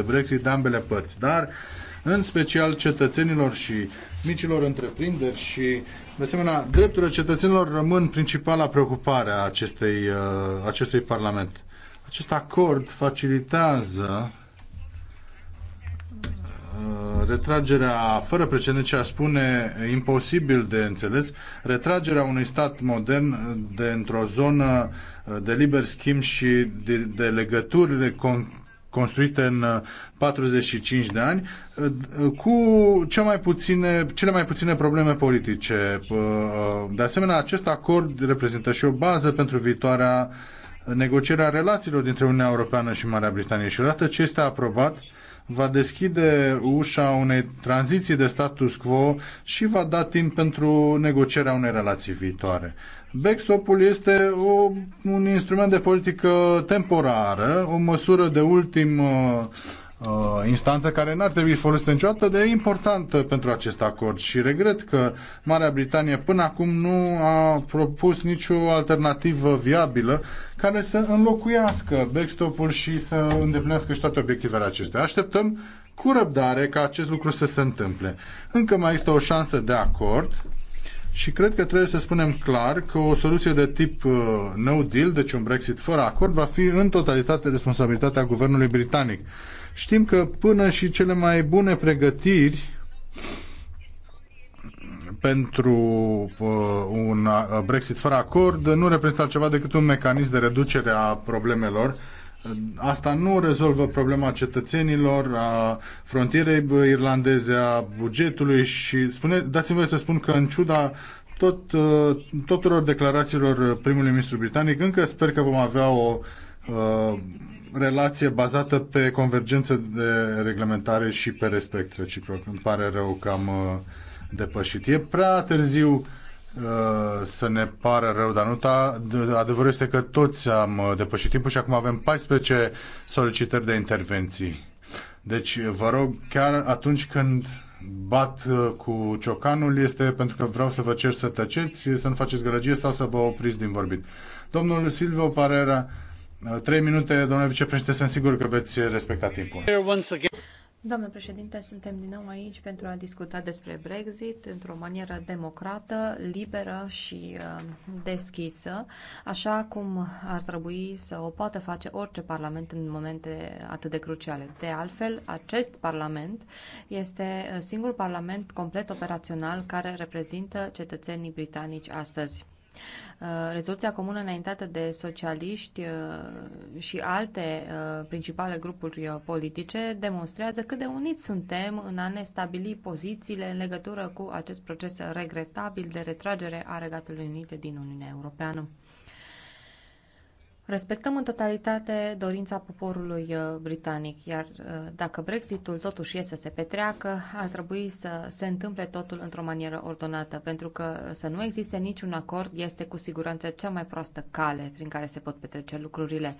de Brexit de ambele părți, dar în special cetățenilor și micilor întreprinderi și, de asemenea, drepturile cetățenilor rămân principala preocupare a acestei, uh, acestui Parlament. Acest acord facilitează uh, retragerea fără precedent ce a spune imposibil de înțeles, retragerea unui stat modern de într-o zonă uh, de liber schimb și de, de legăturile con- construite în 45 uh, de ani, uh, cu cea mai puține, cele mai puține probleme politice. Uh, de asemenea, acest acord reprezintă și o bază pentru viitoarea negocierea relațiilor dintre Uniunea Europeană și Marea Britanie. Și odată ce este aprobat, va deschide ușa unei tranziții de status quo și va da timp pentru negocierea unei relații viitoare. Backstop-ul este o, un instrument de politică temporară, o măsură de ultim uh, uh, instanță care n-ar trebui folosită niciodată, de importantă uh, pentru acest acord și regret că Marea Britanie până acum nu a propus nicio alternativă viabilă care să înlocuiască backstop-ul și să îndeplinească și toate obiectivele acestea. Așteptăm cu răbdare ca acest lucru să se întâmple. Încă mai este o șansă de acord și cred că trebuie să spunem clar că o soluție de tip uh, no deal, deci un Brexit fără acord, va fi în totalitate responsabilitatea guvernului britanic Știm că până și cele mai bune pregătiri pentru uh, un uh, Brexit fără acord nu reprezintă altceva decât un mecanism de reducere a problemelor. Asta nu rezolvă problema cetățenilor, a frontierei irlandeze, a bugetului și spune, dați-mi voie să spun că în ciuda tot, uh, tuturor declarațiilor primului ministru britanic, încă sper că vom avea o uh, Uh, relație bazată pe convergență de reglementare și pe respect reciproc. Îmi pare rău că am uh, depășit. E prea târziu uh, să ne pară rău, dar nu ta. adevărul este că toți am depășit timpul și acum avem 14 solicitări de intervenții. Deci vă rog, chiar atunci când bat cu ciocanul este pentru că vreau să vă cer să tăceți, să nu faceți gălăgie sau să vă opriți din vorbit. Domnul Silvio Parera, Uh, trei minute, domnule vicepreședinte, sunt sigur că veți respecta timpul. Domnule președinte, suntem din nou aici pentru a discuta despre Brexit într-o manieră democrată, liberă și uh, deschisă, așa cum ar trebui să o poată face orice parlament în momente atât de cruciale. De altfel, acest parlament este uh, singurul parlament complet operațional care reprezintă cetățenii britanici astăzi. Uh, rezoluția comună înaintată de socialiști uh, și alte uh, principale grupuri politice demonstrează cât de uniți suntem în a ne stabili pozițiile în legătură cu acest proces regretabil de retragere a Regatului Unit din Uniunea Europeană. Respectăm în totalitate dorința poporului uh, britanic, iar uh, dacă Brexitul totuși iese să se petreacă, ar trebui să se întâmple totul într-o manieră ordonată, pentru că să nu existe niciun acord este cu siguranță cea mai proastă cale prin care se pot petrece lucrurile.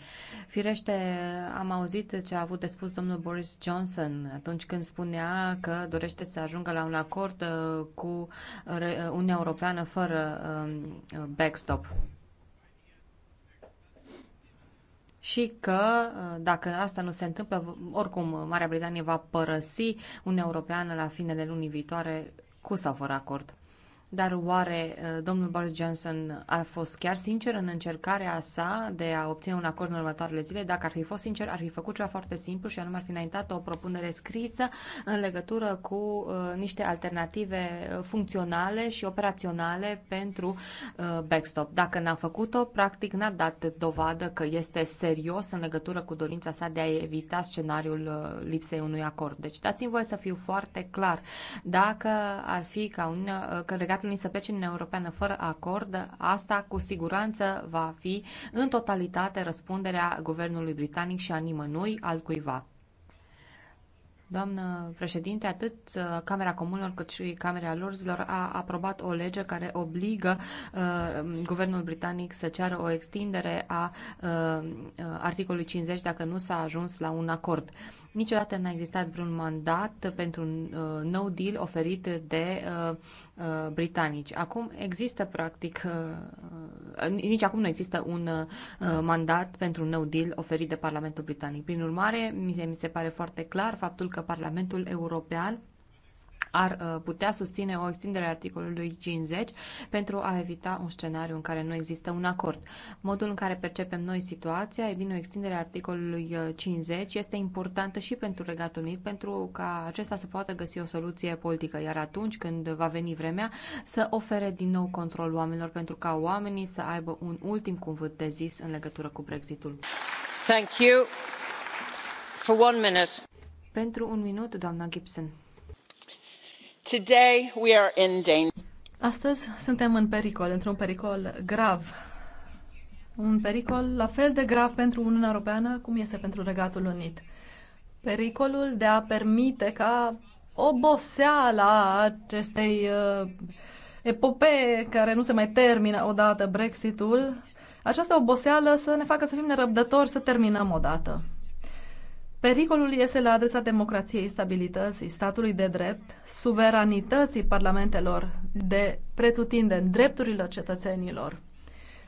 Firește, am auzit ce a avut de spus domnul Boris Johnson atunci când spunea că dorește să ajungă la un acord uh, cu Uniunea Europeană fără um, backstop. și că uh, dacă asta nu se întâmplă, oricum Marea Britanie va părăsi Uniunea Europeană la finele lunii viitoare cu sau fără acord. Dar oare uh, domnul Boris Johnson a fost chiar sincer în încercarea sa de a obține un acord în următoarele zile? Dacă ar fi fost sincer, ar fi făcut ceva foarte simplu și anume ar fi înaintat o propunere scrisă în legătură cu uh, niște alternative uh, funcționale și operaționale pentru backstop. Dacă n-a făcut-o, practic n-a dat dovadă că este serios în legătură cu dorința sa de a evita scenariul lipsei unui acord. Deci dați-mi voie să fiu foarte clar. Dacă ar fi ca un, că legat Statele să plece în Europeană fără acord, asta cu siguranță va fi în totalitate răspunderea guvernului britanic și a nimănui altcuiva. Doamnă președinte, atât uh, Camera Comunilor cât și Camera Lorzilor a aprobat o lege care obligă uh, guvernul britanic să ceară o extindere a uh, uh articolului 50 dacă nu s-a ajuns la un acord. Uh, Niciodată n-a existat vreun mandat pentru un uh, no deal oferit de uh, uh, britanici. Acum există practic, uh, uh nici acum nu există un uh, mandat pentru un no deal oferit de Parlamentul Britanic. Prin urmare, mi se, mi se pare foarte clar faptul că Parlamentul European ar uh, putea susține o extindere a articolului 50 pentru a evita un scenariu în care nu există un acord. Modul în care percepem noi situația, e bine, o extindere a articolului 50 uh, este importantă și pentru Regatul Unit, pentru ca acesta să poată găsi o soluție politică, iar atunci când va veni vremea să ofere din nou control oamenilor pentru ca oamenii să aibă un ultim cuvânt de zis în legătură cu Brexitul. Thank you. For one minute. Pentru un minut, doamna Gibson Today we are in danger. Astăzi suntem în pericol, într-un pericol grav. Un pericol la fel de grav pentru Uniunea Europeană cum este pentru Regatul Unit. Pericolul de a permite ca oboseala acestei uh, epopee care nu se mai termină odată Brexitul, această oboseală să ne facă să fim nerăbdători să terminăm odată. Pericolul este la adresa democrației, stabilității, statului de drept, suveranității parlamentelor de pretutindeni, drepturilor cetățenilor.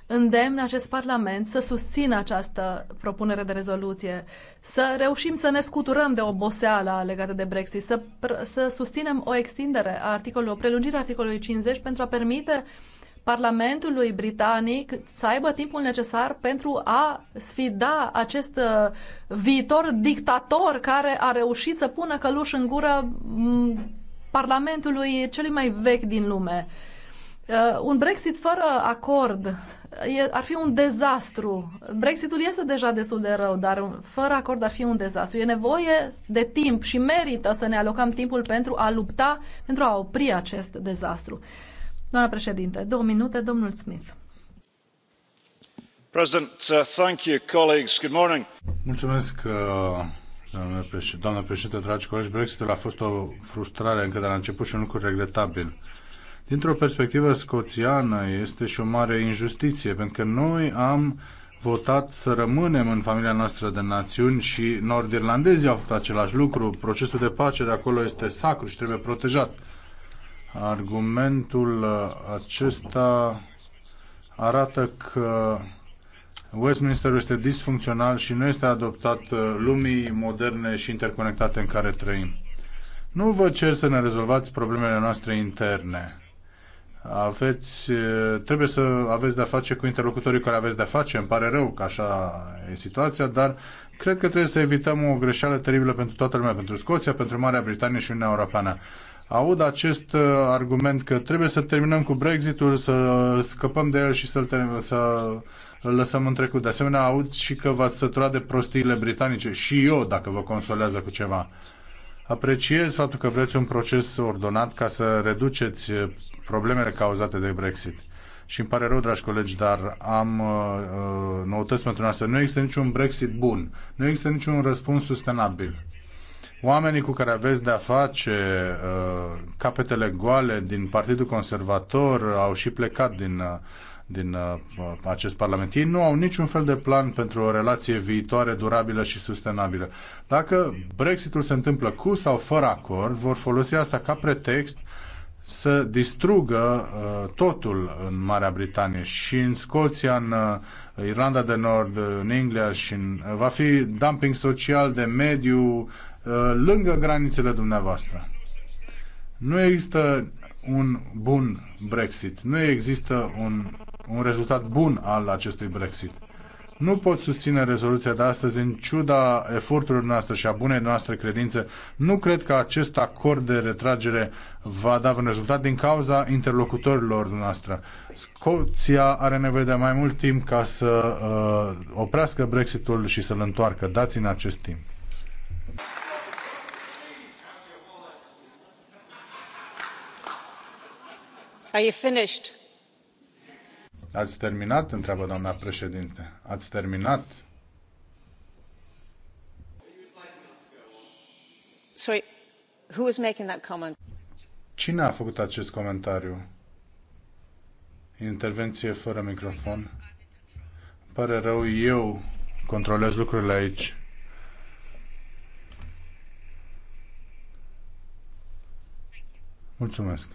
Îndemn acest Parlament să susțină această propunere de rezoluție, să reușim să ne scuturăm de oboseala legată de Brexit, să, să susținem o extindere a articolului, o prelungire a articolului 50 pentru a permite uh, Parlamentului Britanic să aibă timpul necesar pentru a sfida acest uh, viitor dictator care a reușit să pună căluș în gură mm, Parlamentului celui mai vechi din lume. Uh, un Brexit fără acord uh, ar fi un dezastru. Brexitul este deja destul de rău, dar fără acord ar fi un dezastru. E nevoie de timp și merită să ne alocăm timpul pentru a lupta, pentru a opri acest dezastru. Doamna președinte, două minute, domnul Smith. President, uh, thank you, colleagues. Good morning. Mulțumesc, uh, președinte, dragi colegi, Brexitul a fost o frustrare încă de la început și un lucru regretabil. Dintr-o perspectivă scoțiană este și o mare injustiție, pentru că noi am votat să rămânem în familia noastră de națiuni și nord-irlandezii au făcut același lucru. Procesul de pace de acolo este sacru și trebuie protejat. Argumentul uh, acesta arată că Westminster este disfuncțional și nu este adoptat uh, lumii moderne și interconectate în care trăim. Nu vă cer să ne rezolvați problemele noastre interne. Aveți, uh, trebuie să aveți de-a face cu interlocutorii care aveți de-a face. Îmi pare rău că așa e situația, dar cred că trebuie să evităm o greșeală teribilă pentru toată lumea, pentru Scoția, pentru Marea Britanie și Uniunea Europeană aud acest uh, argument că trebuie să terminăm cu Brexitul, să scăpăm de el și să-l să lăsăm în trecut. De asemenea, aud și că v-ați săturat de prostiile britanice și eu, dacă vă consolează cu ceva. Apreciez faptul că vreți un proces ordonat ca să reduceți uh, problemele cauzate de Brexit. Și îmi pare rău, dragi colegi, dar am uh, uh, noutăți pentru noastră. Nu există niciun Brexit bun. Nu există niciun răspuns sustenabil oamenii cu care aveți de-a face, uh, capetele goale din Partidul Conservator au și plecat din, uh, din uh, acest Parlament. Ei nu au niciun fel de plan pentru o relație viitoare, durabilă și sustenabilă. Dacă Brexitul se întâmplă cu sau fără acord, vor folosi asta ca pretext să distrugă uh, totul în Marea Britanie și în Scoția, în uh, Irlanda de Nord, în Anglia și în, uh, va fi dumping social de mediu, Uh, lângă granițele dumneavoastră. Nu există un bun Brexit. Nu există un, un rezultat bun al acestui Brexit. Nu pot susține rezoluția de astăzi în ciuda eforturilor noastre și a bunei noastre credințe. Nu cred că acest acord de retragere va da un rezultat din cauza interlocutorilor noastre. Scoția are nevoie de mai mult timp ca să uh, oprească Brexitul și să-l întoarcă. Dați-ne acest timp. Ați terminat? Întreabă doamna președinte. Ați terminat? Sorry, who was making that comment? Cine a făcut acest comentariu? Intervenție fără microfon. Îmi pare rău, eu controlez lucrurile aici. Mulțumesc.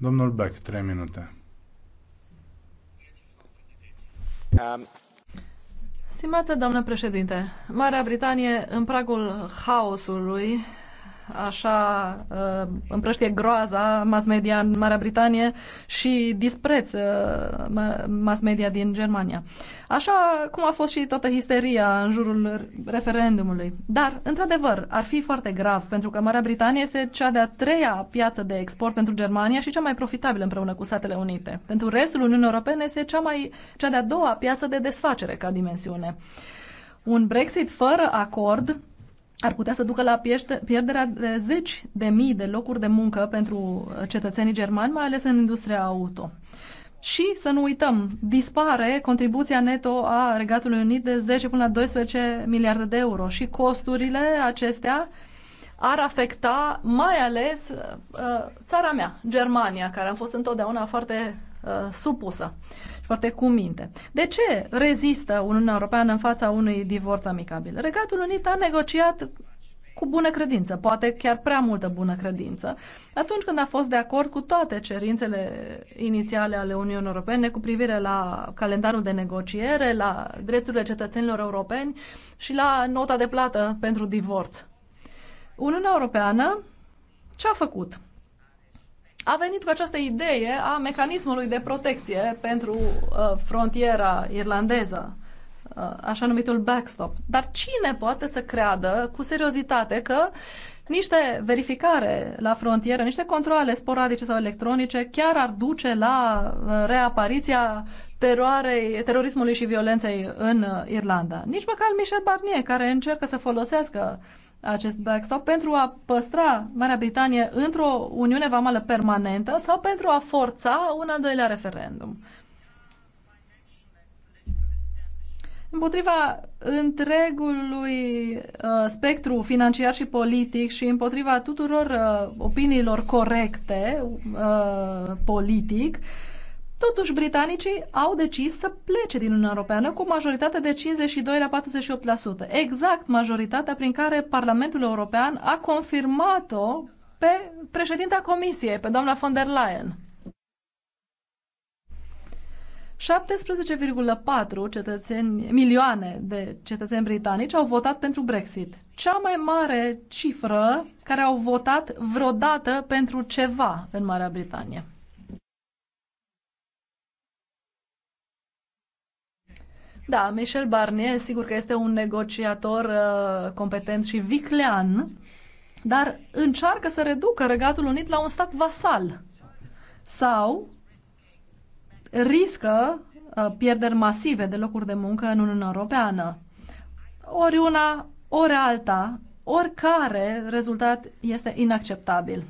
Domnul Beck, trei minute. Um. Stimate domnule președinte, Marea Britanie, în pragul haosului, așa uh, împrăștie groaza mass media în Marea Britanie și dispreț uh, mass media din Germania. Așa cum a fost și toată histeria în jurul referendumului. Dar, într-adevăr, ar fi foarte grav, pentru că Marea Britanie este cea de-a treia piață de export pentru Germania și cea mai profitabilă împreună cu Statele Unite. Pentru restul Uniunii Europene este cea, mai, cea de-a doua piață de desfacere ca dimensiune. Un Brexit fără acord ar putea să ducă la pierderea de zeci de mii de locuri de muncă pentru cetățenii germani, mai ales în industria auto. Și să nu uităm, dispare contribuția neto a Regatului Unit de 10 până la 12 miliarde de euro și costurile acestea ar afecta mai ales uh, țara mea, Germania, care a fost întotdeauna foarte uh, supusă și foarte cuminte. De ce rezistă Uniunea Europeană în fața unui divorț amicabil? Regatul Unit a negociat cu bună credință, poate chiar prea multă bună credință, atunci când a fost de acord cu toate cerințele inițiale ale Uniunii Europene cu privire la calendarul de negociere, la drepturile cetățenilor europeni și la nota de plată pentru divorț. Uniunea Europeană ce a făcut? a venit cu această idee a mecanismului de protecție pentru uh, frontiera irlandeză, uh, așa numitul backstop. Dar cine poate să creadă cu seriozitate că niște verificare la frontieră, niște controle sporadice sau electronice chiar ar duce la uh, reapariția teroarei, terorismului și violenței în uh, Irlanda. Nici măcar Michel Barnier, care încearcă să folosească uh, acest backstop pentru a păstra Marea Britanie într-o uniune vamală permanentă sau pentru a forța un al doilea referendum. Împotriva întregului uh, spectru financiar și politic și împotriva tuturor uh, opiniilor corecte uh, politic, uh, Totuși, britanicii au decis să plece din Uniunea Europeană cu majoritatea de 52 la 48%, exact majoritatea prin care Parlamentul European a confirmat-o pe președinta Comisiei, pe doamna von der Leyen. 17,4 cetățeni, milioane de cetățeni britanici au votat pentru Brexit. Cea mai mare cifră care au votat vreodată pentru ceva în Marea Britanie. Da, Michel Barnier sigur că este un negociator uh, competent și viclean, dar încearcă să reducă Regatul Unit la un stat vasal sau riscă uh, pierderi masive de locuri de muncă în Uniunea Europeană. Ori una, ori alta, oricare rezultat este inacceptabil.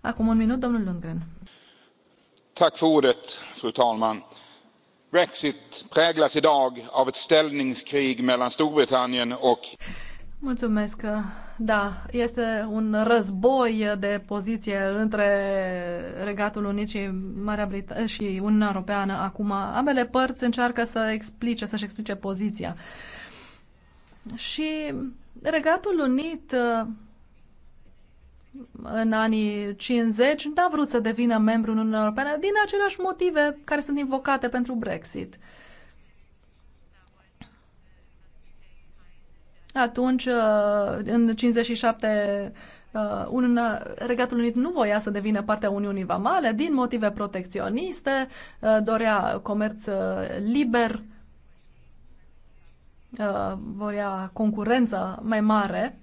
Acum un minut, domnul Lundgren fru talman! brexit präglas i dag av ett ställningskrig mellan storbritannien och. Mulțumesc. Da, este un război de poziție între Regatul Unit și Marea Brit- și Uniunea Europeană acum. Ambele părți încearcă să explice, să-și explice poziția. Și Regatul Unit în anii 50 n-a vrut să devină membru în Uniunea Europeană din aceleași motive care sunt invocate pentru Brexit. Atunci, uh, în 57, uh, Uniunea, Regatul Unit nu voia să devină partea Uniunii Vamale din motive protecționiste, uh, dorea comerț liber, voia concurență mai mare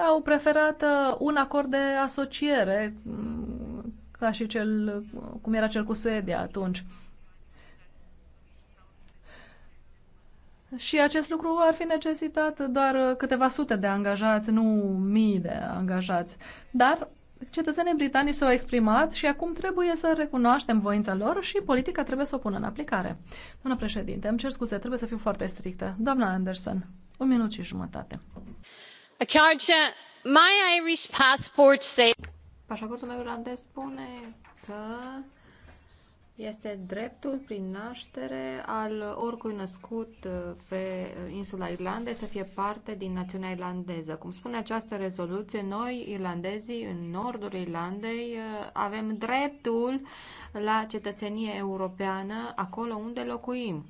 au preferat uh, un acord de asociere, mm, ca și cel, cum era cel cu Suedia atunci. Și acest lucru ar fi necesitat doar câteva sute de angajați, nu mii de angajați. Dar cetățenii britanici s-au exprimat și acum trebuie să recunoaștem voința lor și politica trebuie să o pună în aplicare. Doamna președinte, îmi cer scuze, trebuie să fiu foarte strictă. Doamna Anderson, un minut și jumătate my Irish passport say... Pașaportul meu irlandez spune că este dreptul prin naștere al oricui născut uh, pe uh, insula Irlandei să fie parte din națiunea irlandeză. Cum spune această rezoluție, noi, irlandezii, în nordul Irlandei, uh, avem dreptul la cetățenie europeană acolo unde locuim.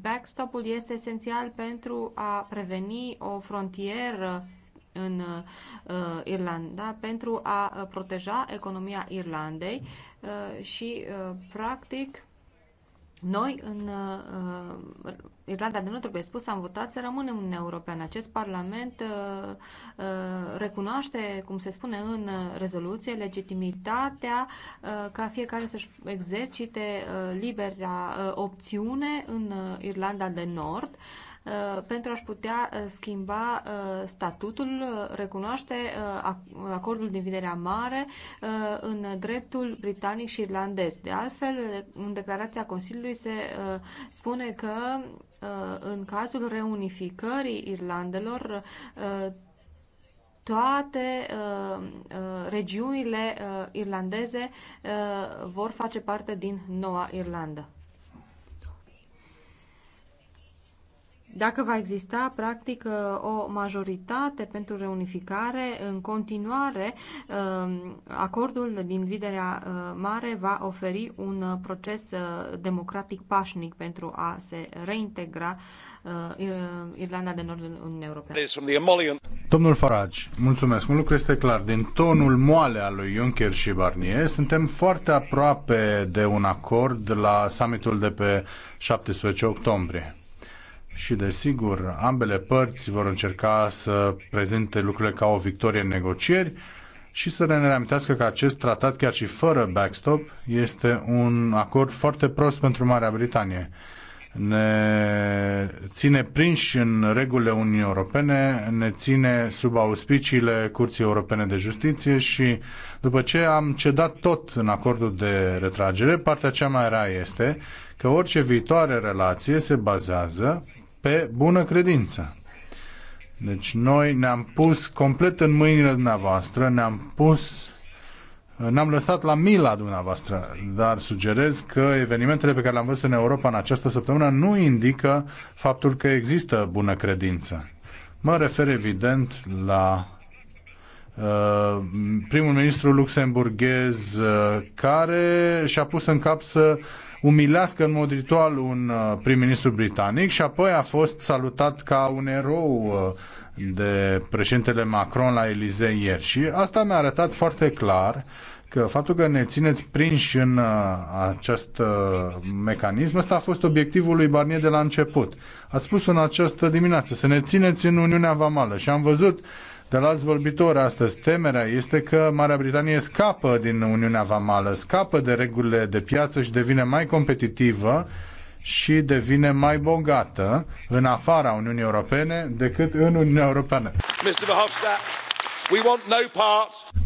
Backstop-ul este esențial pentru a preveni o frontieră în uh, Irlanda pentru a uh, proteja economia Irlandei uh, și, uh, practic, noi, în uh, Irlanda de Nord, trebuie spus, am votat să rămânem în European. Acest Parlament uh, uh, recunoaște, cum se spune în rezoluție, legitimitatea uh, ca fiecare să-și exercite uh, libera uh, opțiune în uh, Irlanda de Nord. Uh, Uh, pentru a-și putea uh, schimba uh, statutul, recunoaște acordul din Vinerea Mare în dreptul britanic și irlandez. De altfel, în declarația Consiliului se spune că în cazul reunificării Irlandelor toate uh, uh, regiunile uh, irlandeze uh, vor face parte din Noua Irlandă. Dacă va exista, practic, uh, o majoritate pentru reunificare, în continuare, um, acordul din Viderea uh, Mare va oferi un uh, proces democratic pașnic pentru a se reintegra Irlanda de Nord în Uniunea Europeană. Domnul Farage, mulțumesc. Un lucru este clar. Din tonul moale al lui Juncker și Barnier, suntem foarte aproape de un acord la summitul de pe 17 octombrie și desigur ambele părți vor încerca să prezinte lucrurile ca o victorie în negocieri și să ne reamintească că acest tratat, chiar și fără backstop, este un acord foarte prost pentru Marea Britanie. Ne ține prinși în regulile Uniunii Europene, ne ține sub auspiciile Curții Europene de Justiție și după ce am cedat tot în acordul de retragere, partea cea mai rea este că orice viitoare relație se bazează pe bună credință. Deci noi ne-am pus complet în mâinile dumneavoastră, ne-am pus ne-am lăsat la mila dumneavoastră, dar sugerez că evenimentele pe care le-am văzut în Europa în această săptămână nu indică faptul că există bună credință. Mă refer evident la uh, primul ministru luxemburghez uh, care și-a pus în cap să uh, umilească în mod ritual un uh, prim-ministru britanic și apoi a fost salutat ca un erou uh, de președintele Macron la Elisei ieri. Și asta mi-a arătat foarte clar că faptul că ne țineți prinși în uh, acest mecanism, ăsta a fost obiectivul lui Barnier de la început. Ați spus în această dimineață, să ne țineți în Uniunea Vamală și am văzut de la alți vorbitori astăzi. Temerea este că Marea Britanie scapă din Uniunea Vamală, scapă de regulile de piață și devine mai competitivă și devine mai bogată în afara Uniunii Europene decât în Uniunea Europeană. Mr.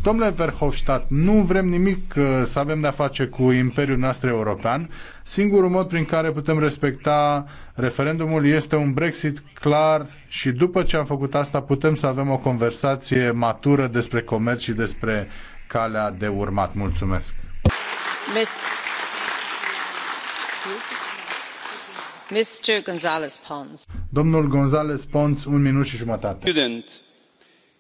Domnule Verhofstadt, nu vrem nimic uh, să avem de-a face cu imperiul nostru european. Singurul mod prin care putem respecta referendumul este un Brexit clar și după ce am făcut asta putem să avem o conversație matură despre comerț și despre calea de urmat. Mulțumesc. Mr. González Pons. Domnul González Pons, un minut și jumătate. Student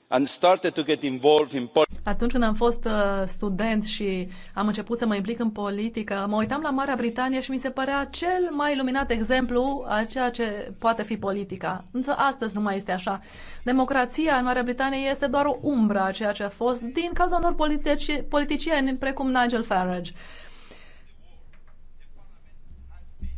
and started to get involved in Atunci când am fost uh, student și am început să mă implic în politică, mă uitam la Marea Britanie și mi se părea cel mai iluminat exemplu a ceea ce poate fi politica. Însă astăzi nu mai este așa. Democrația în Marea Britanie este doar o umbră a ceea ce a fost din cauza unor politici, politicieni precum Nigel Farage.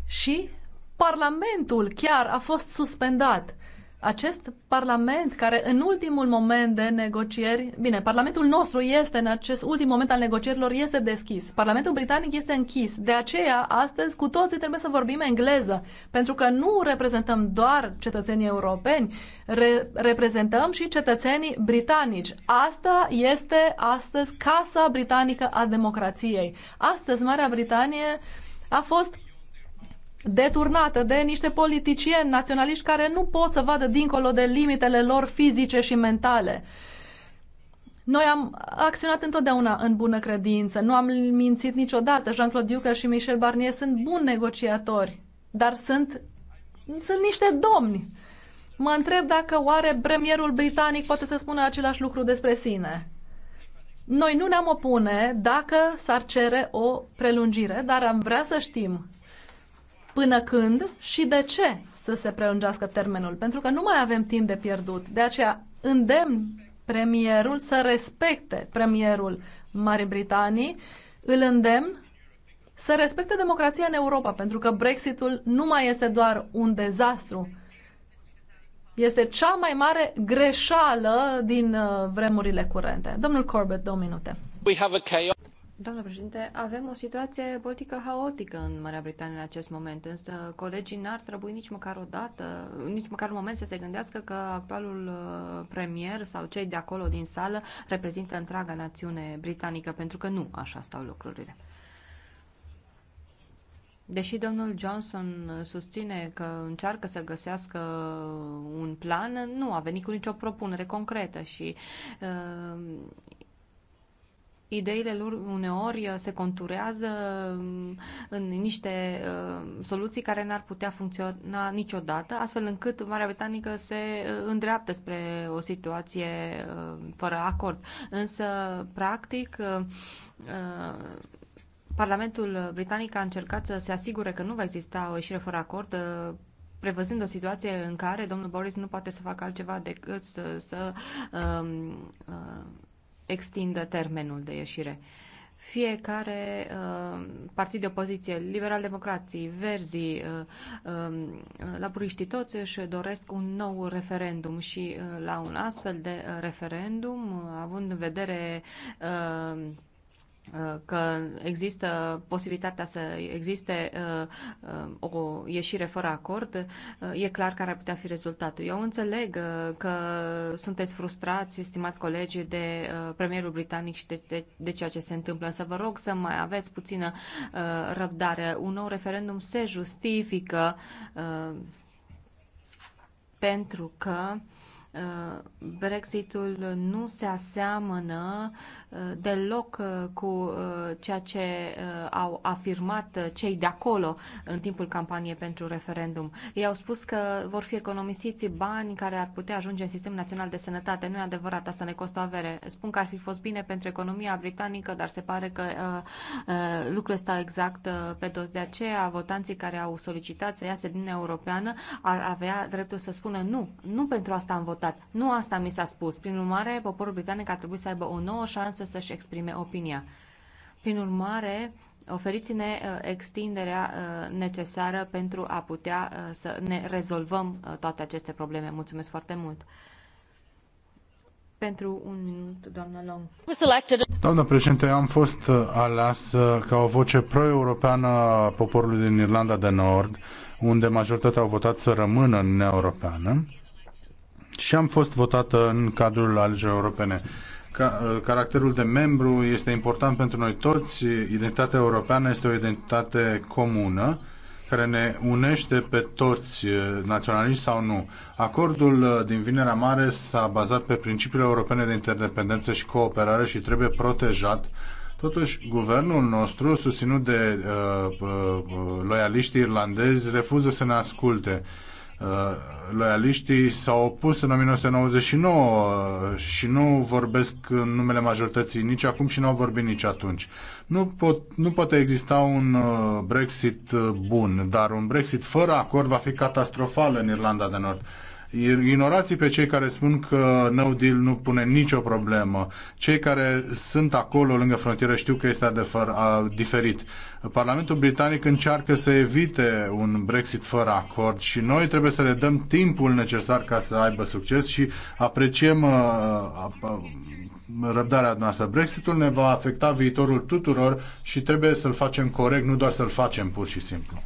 Și Parlamentul chiar a fost suspendat acest Parlament care în ultimul moment de negocieri, bine, Parlamentul nostru este în acest ultim moment al negocierilor, este deschis. Parlamentul britanic este închis. De aceea, astăzi, cu toții trebuie să vorbim engleză, pentru că nu reprezentăm doar cetățenii europeni, re- reprezentăm și cetățenii britanici. Asta este astăzi Casa Britanică a Democrației. Astăzi, Marea Britanie a fost deturnată de niște politicieni naționaliști care nu pot să vadă dincolo de limitele lor fizice și mentale. Noi am acționat întotdeauna în bună credință, nu am mințit niciodată. Jean-Claude Juncker și Michel Barnier sunt buni negociatori, dar sunt, sunt niște domni. Mă întreb dacă oare premierul britanic poate să spună același lucru despre sine. Noi nu ne-am opune dacă s-ar cere o prelungire, dar am vrea să știm până când și de ce să se prelungească termenul, pentru că nu mai avem timp de pierdut. De aceea îndemn premierul să respecte premierul Marii Britanii, îl îndemn să respecte democrația în Europa, pentru că Brexitul nu mai este doar un dezastru, este cea mai mare greșeală din uh, vremurile curente. Domnul Corbett, două minute. Doamnă președinte, avem o situație politică haotică în Marea Britanie în acest moment, însă colegii n-ar trebui nici măcar o dată, nici măcar un moment să se gândească că actualul uh, premier sau cei de acolo din sală reprezintă întreaga națiune britanică, pentru că nu așa stau lucrurile. Deși domnul Johnson susține că încearcă să găsească un plan, nu a venit cu nicio propunere concretă și uh, ideile lor uneori uh, se conturează um, în niște uh, soluții care n-ar putea funcționa niciodată, astfel încât Marea Britanică se uh, îndreaptă spre o situație fără acord. Însă, practic, Parlamentul Britanic a încercat să se asigure că nu va exista o ieșire fără acord prevăzând o situație în care domnul Boris nu poate să facă altceva decât să, să um, uh, extindă termenul de ieșire. Fiecare uh, partid de opoziție, liberal-democrații, verzii, uh, uh, um, laburiștii, toți își doresc un nou referendum și uh, la un astfel de referendum, uh, având în vedere uh, Uh, că există posibilitatea să existe uh, uh, o ieșire fără acord, e clar care ar putea fi rezultatul. Eu înțeleg că sunteți frustrați, estimați colegi, de premierul britanic și de, de, de ceea ce se întâmplă, însă vă rog să mai aveți puțină răbdare. Un nou referendum se justifică pentru că Brexitul nu se aseamănă uh, deloc uh, cu uh, ceea ce uh, au afirmat cei de acolo în timpul campaniei pentru referendum. Ei au spus că vor fi economisiți bani care ar putea ajunge în sistemul național de sănătate. Nu e adevărat, asta ne costă avere. Spun că ar fi fost bine pentru economia britanică, dar se pare că uh, lucrul ăsta exact uh, pe dos. De aceea, votanții care au solicitat să iasă din Europeană ar avea dreptul să spună nu, nu pentru asta am votat, nu asta mi s-a spus. Prin urmare, poporul britanic ar trebui să aibă o nouă șansă șansă să-și exprime opinia. Prin urmare, oferiți-ne uh, extinderea uh, necesară pentru a putea uh, să ne rezolvăm toate aceste probleme. Mulțumesc foarte mult! Pentru un minut, doamna Long. Doamna președinte, am fost aleasă ca o voce pro-europeană a poporului din Irlanda de Nord, unde majoritatea au votat să rămână în Uniunea Europeană și am fost votată în cadrul alegerilor europene. Ca, uh, caracterul de membru este important pentru noi toți. Identitatea europeană este o identitate comună care ne unește pe toți, uh, naționaliști sau nu. Acordul uh, din Vinerea Mare s-a bazat pe principiile europene de interdependență și cooperare și trebuie protejat. Totuși, guvernul nostru, susținut de uh, uh, loialiștii irlandezi, refuză să ne asculte. Uh, Uh, loialiștii s-au opus în 1999 uh, și nu vorbesc în numele majorității nici acum și nu au vorbit nici atunci. Nu, pot, nu poate exista un uh, Brexit bun, dar un Brexit fără acord va fi catastrofal în Irlanda de Nord ignorați pe cei care spun că no deal nu pune nicio problemă. Cei care sunt acolo lângă frontieră știu că este adevăr, a, diferit. Parlamentul Britanic încearcă să evite un Brexit fără acord și noi trebuie să le dăm timpul necesar ca să aibă succes și apreciem a, a, a, răbdarea noastră. Brexitul ne va afecta viitorul tuturor și trebuie să-l facem corect, nu doar să-l facem pur și simplu.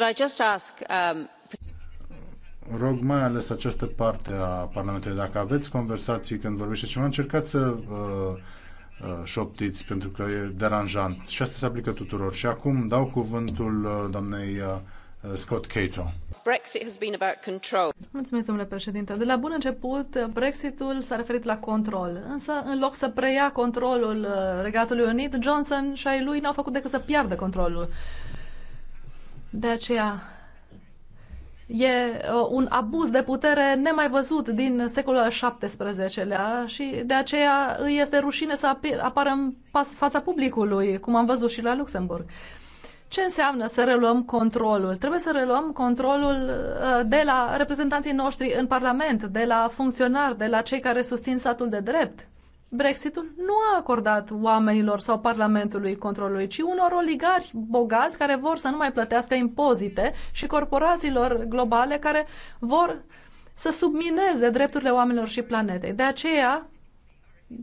Um, rog mai ales această parte a Parlamentului, dacă aveți conversații când vorbește cineva, încercați să uh, uh, șoptiți, pentru că e deranjant. Și asta se aplică tuturor. Și acum dau cuvântul uh, doamnei uh, uh Scott Cato. Brexit has been about control. Mulțumesc, domnule președinte. De la bun început, Brexitul s-a referit la control. Însă, în loc să preia controlul uh, Regatului Unit, Johnson și ai lui n-au făcut decât să piardă controlul. De aceea e uh, un abuz de putere nemai văzut din secolul al XVII-lea și de aceea îi este rușine să apară în fața publicului, cum am văzut și la Luxemburg. Ce înseamnă să reluăm controlul? Trebuie să reluăm controlul uh, de la reprezentanții noștri în Parlament, de la funcționari, de la cei care susțin statul de drept. Brexitul nu a acordat oamenilor sau Parlamentului controlului, ci unor oligari bogați care vor să nu mai plătească impozite și corporațiilor globale care vor să submineze drepturile oamenilor și planetei. De aceea,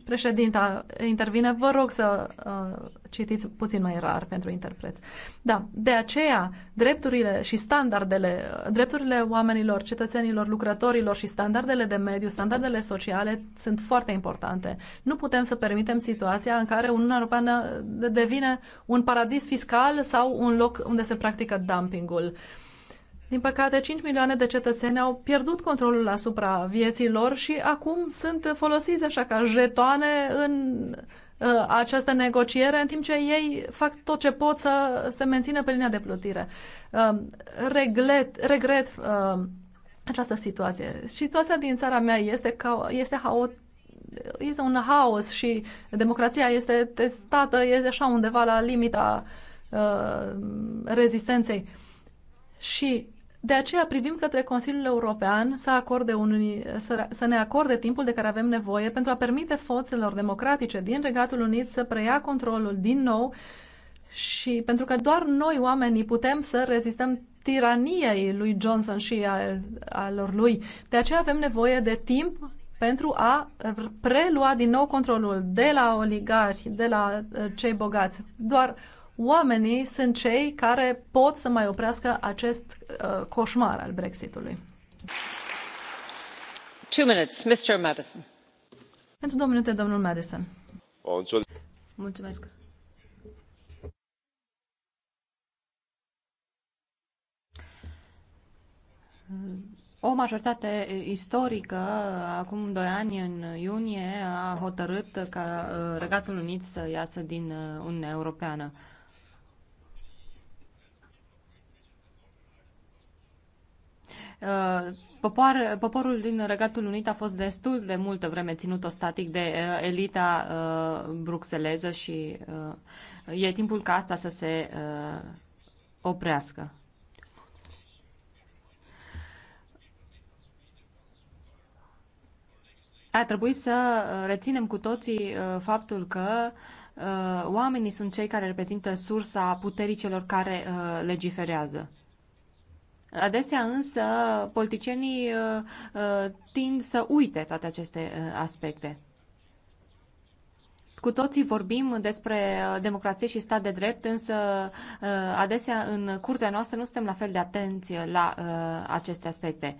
Președinta intervine, vă rog să uh, citiți puțin mai rar pentru interpreți. Da, de aceea drepturile și standardele, drepturile oamenilor, cetățenilor, lucrătorilor și standardele de mediu, standardele sociale sunt foarte importante. Nu putem să permitem situația în care Uniunea Europeană devine un paradis fiscal sau un loc unde se practică dumpingul. Uh, din păcate, 5 milioane de cetățeni au pierdut controlul asupra vieții lor și acum sunt folosiți așa ca jetoane în uh, această negociere, în timp ce ei fac tot ce pot să se mențină pe linia de plutire. Uh, reglet, regret uh, această situație. Situația din țara mea este, ca, este haot, este un haos și democrația este testată, este așa undeva la limita uh, rezistenței. Și de aceea privim către Consiliul European să, acorde unui, să, să ne acorde timpul de care avem nevoie pentru a permite forțelor democratice din Regatul Unit să preia controlul din nou și pentru că doar noi oamenii putem să rezistăm tiraniei lui Johnson și al, alor lui. De aceea avem nevoie de timp pentru a prelua din nou controlul de la oligari, de la uh, cei bogați. Doar oamenii sunt cei care pot să mai oprească acest uh, coșmar al Brexitului. Two minutes, Mr. Madison. Pentru două minute, domnul Madison. Mulțumesc. O majoritate istorică, acum doi ani, în iunie, a hotărât ca uh, Regatul Unit să iasă din uh, Uniunea Europeană. Uh, popor, poporul din Regatul Unit a fost destul de multă vreme ținut ostatic de uh, elita uh, bruxeleză și e timpul ca asta să se oprească. A trebuit să reținem cu toții faptul că oamenii sunt cei care reprezintă sursa puterii celor care legiferează. Adesea însă politicienii uh, uh, tind să uite toate aceste uh, aspecte. Cu toții vorbim despre democrație și stat de drept, însă adesea în curtea noastră nu suntem la fel de atenți la aceste aspecte.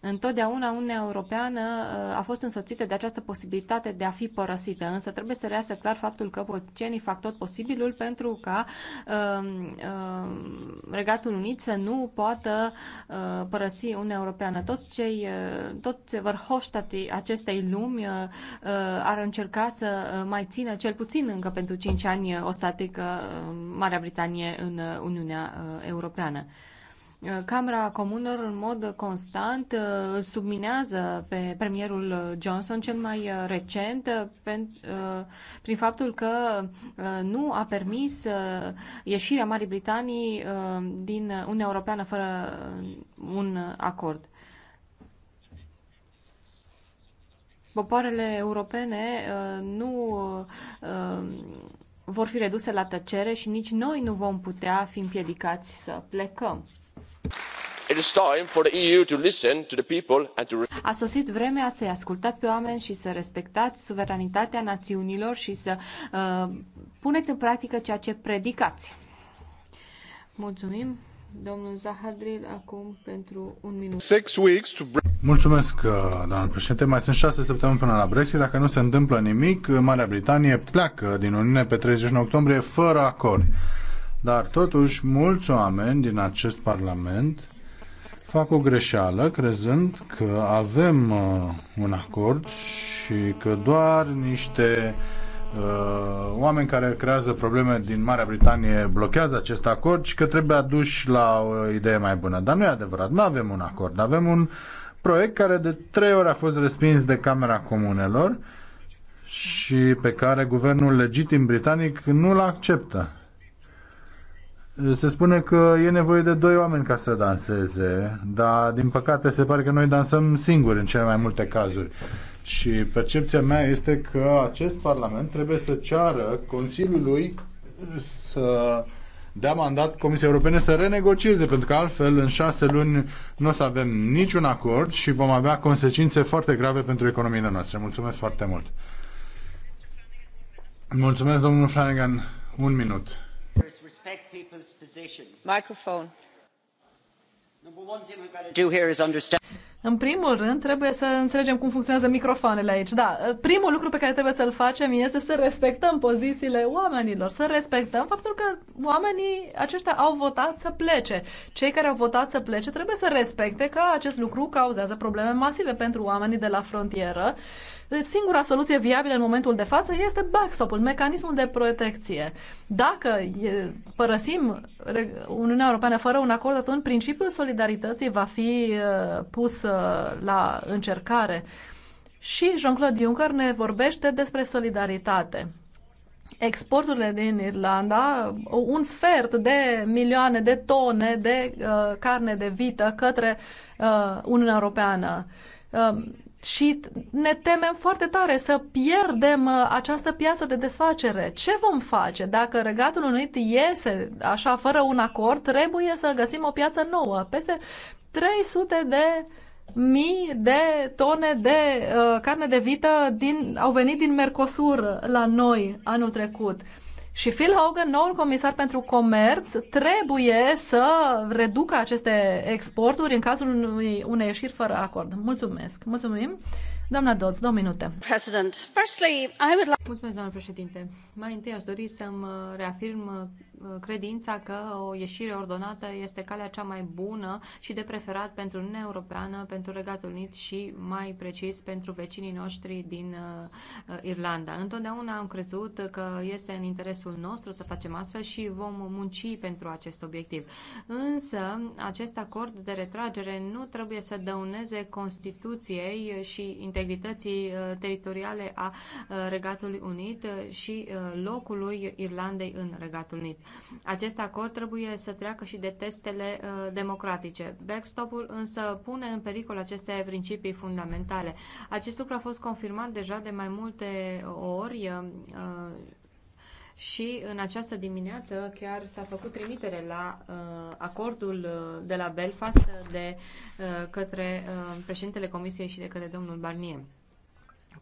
Întotdeauna Uniunea Europeană uh, a fost însoțită de această posibilitate de a fi părăsită, însă trebuie să reiasă clar faptul că politicienii fac tot posibilul pentru ca um, um, Regatul Unit să nu poată uh, părăsi Uniunea Europeană. Toți cei, uh, toți vărhoștatii acestei lumi uh, ar încerca să mai țină cel puțin încă pentru 5 ani o statică Marea Britanie în Uniunea Europeană. Camera Comunelor în mod constant uh, subminează pe premierul Johnson cel mai uh, recent uh, prin faptul că nu a permis ieșirea Marii Britanii din Uniunea Europeană fără un acord. Popoarele europene nu vor fi reduse la tăcere și nici noi nu vom putea fi împiedicați să plecăm. A sosit vremea să-i ascultați pe oameni și să respectați suveranitatea națiunilor și să uh, puneți în practică ceea ce predicați. Mulțumim, domnul Zahadril, acum pentru un minut. Six weeks to... Mulțumesc, uh, doamnă președinte. Mai sunt șase săptămâni până la Brexit. Dacă nu se întâmplă nimic, Marea Britanie pleacă din Uniune pe 31 octombrie fără acord. Dar totuși mulți oameni din acest Parlament fac o greșeală crezând că avem uh, un acord și că doar niște uh, oameni care creează probleme din Marea Britanie blochează acest acord și că trebuie aduși la o idee mai bună. Dar nu e adevărat, nu avem un acord, avem un proiect care de trei ori a fost respins de Camera Comunelor și pe care guvernul legitim britanic nu l acceptă. Se spune că e nevoie de doi oameni ca să danseze, dar din păcate se pare că noi dansăm singuri în cele mai multe cazuri. Și percepția mea este că acest Parlament trebuie să ceară Consiliului să dea mandat Comisiei Europene să renegocieze, pentru că altfel în șase luni nu o să avem niciun acord și vom avea consecințe foarte grave pentru economiile noastre. Mulțumesc foarte mult! Mulțumesc, domnul Flanagan. Un minut. În primul rând, trebuie să înțelegem cum funcționează microfoanele aici. Da, primul lucru pe care trebuie să-l facem este să respectăm pozițiile oamenilor, să respectăm faptul că oamenii aceștia au votat să plece. Cei care au votat să plece trebuie să respecte că acest lucru cauzează probleme masive pentru oamenii de la frontieră singura soluție viabilă în momentul de față este backstop-ul, mecanismul de protecție. Dacă părăsim Uniunea Europeană fără un acord, atunci principiul solidarității va fi pus la încercare. Și Jean-Claude Juncker ne vorbește despre solidaritate exporturile din Irlanda, un sfert de milioane de tone de uh, carne de vită către uh, Uniunea Europeană. Uh, și ne temem foarte tare să pierdem uh, această piață de desfacere. Ce vom face dacă Regatul Unit iese așa fără un acord? Trebuie să găsim o piață nouă. Peste 300 de mii de tone de uh, carne de vită din, au venit din Mercosur la noi anul trecut. Și Phil Hogan, noul comisar pentru comerț, trebuie să reducă aceste exporturi în cazul unui, unei ieșiri fără acord. Mulțumesc. Mulțumim. Doamna Dodds, două minute. President, firstly, I would like... Mulțumesc, doamnă președinte. Mai întâi aș dori să-mi reafirm Uh, credința că o ieșire ordonată este calea cea mai bună și de preferat pentru Uniunea Europeană, pentru Regatul Unit și mai precis pentru vecinii noștri din uh, uh, Irlanda. Întotdeauna am crezut că este în interesul nostru să facem astfel și vom munci pentru acest obiectiv. Însă, acest acord de retragere nu trebuie să dăuneze Constituției și integrității teritoriale a Regatului Unit și locului Irlandei în Regatul Unit. Acest acord trebuie să treacă și de testele uh, democratice. Backstop-ul însă pune în pericol aceste principii fundamentale. Acest lucru a fost confirmat deja de mai multe ori uh, și în această dimineață chiar s-a făcut trimitere la uh, acordul uh, de la Belfast de uh, către uh, președintele Comisiei și de către domnul Barnier.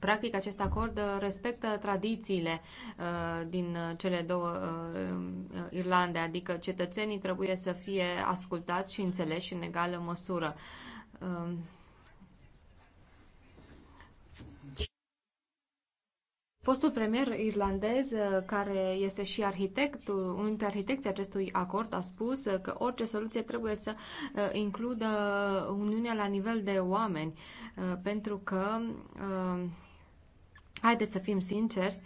Practic, acest acord uh, respectă tradițiile uh, din uh, cele două Irlande, adică cetățenii trebuie să fie ascultați și înțeleși în egală măsură. Um, fostul premier irlandez, care este și arhitect, unul dintre arhitecții acestui acord, a spus că orice soluție trebuie să includă Uniunea la nivel de oameni, pentru că Haideți să fim sinceri,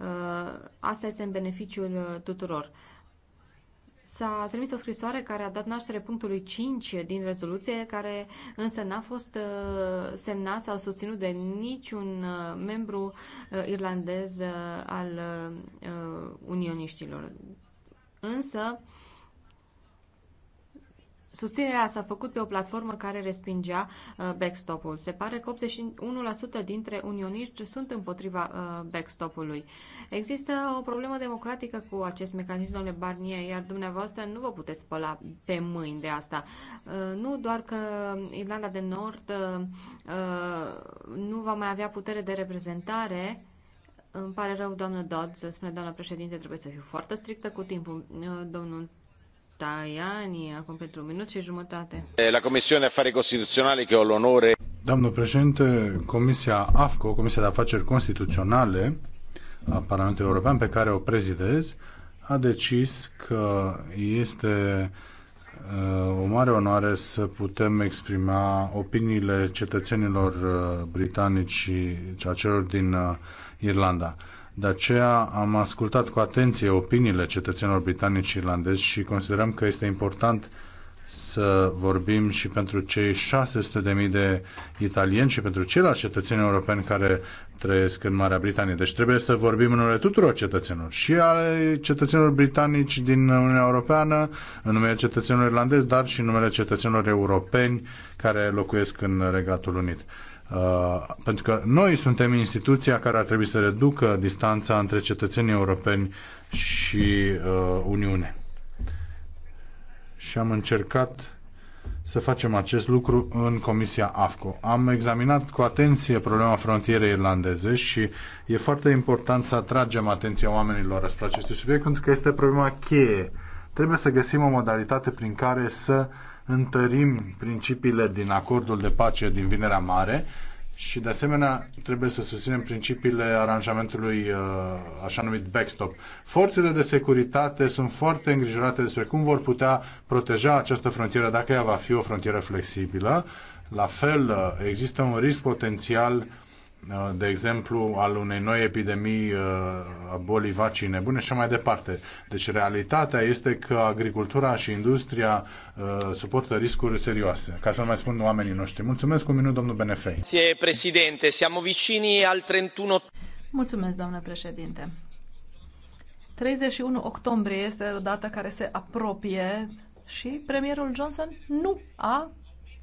uh, asta este în beneficiul uh, tuturor. S-a trimis o scrisoare care a dat naștere punctului 5 din rezoluție, care însă n-a fost uh, semnat sau susținut de niciun membru irlandez al unioniștilor. Însă, Susținerea s-a făcut pe o platformă care respingea uh, backstop-ul. Se pare că 81% dintre unioniști sunt împotriva uh, backstop-ului. Există o problemă democratică cu acest mecanism, domnule Barnier, iar dumneavoastră nu vă puteți spăla pe mâini de asta. Uh, nu doar că Irlanda de Nord nu va mai avea putere de reprezentare, îmi pare rău, doamnă Dodds, spune doamna președinte, trebuie să fiu foarte strictă cu timpul. Domnul Tajani, acum pentru un minut și jumătate. La Comisia Afaceri Constituționale, că o onore... Doamnă președinte, Comisia AFCO, Comisia de Afaceri Constituționale a Parlamentului European, pe care o prezidez, a decis că este o mare onoare să putem exprima opiniile cetățenilor britanici și a celor din Irlanda. De aceea am ascultat cu atenție opiniile cetățenilor britanici și irlandezi și considerăm că este important să vorbim și pentru cei 600.000 de italieni și pentru ceilalți cetățeni europeni care trăiesc în Marea Britanie. Deci trebuie să vorbim în numele tuturor cetățenilor și ale cetățenilor britanici din Uniunea Europeană, în numele cetățenilor irlandezi, dar și în numele cetățenilor europeni care locuiesc în Regatul Unit. Uh, pentru că noi suntem instituția care ar trebui să reducă distanța între cetățenii europeni și uh, Uniune. Și am încercat să facem acest lucru în Comisia AFCO. Am examinat cu atenție problema frontierei irlandeze și e foarte important să atragem atenția oamenilor asupra acestui subiect pentru că este problema cheie. Trebuie să găsim o modalitate prin care să uh, întărim principiile din acordul de pace din Vinerea Mare și de asemenea trebuie să susținem principiile aranjamentului uh, așa numit backstop. Forțele de securitate sunt foarte îngrijorate despre cum vor putea proteja această frontieră dacă ea va fi o frontieră flexibilă. La fel, uh, există un risc potențial Uh, de exemplu, al unei noi epidemii uh, a bolii vacii nebune și mai departe. Deci realitatea este că agricultura și industria uh, suportă riscuri serioase, ca să nu mai spun oamenii noștri. Mulțumesc un minut, domnul Benefei. președinte. Siamo vicini al 31... Mulțumesc, domnule președinte. 31 octombrie este o dată care se apropie și premierul Johnson nu a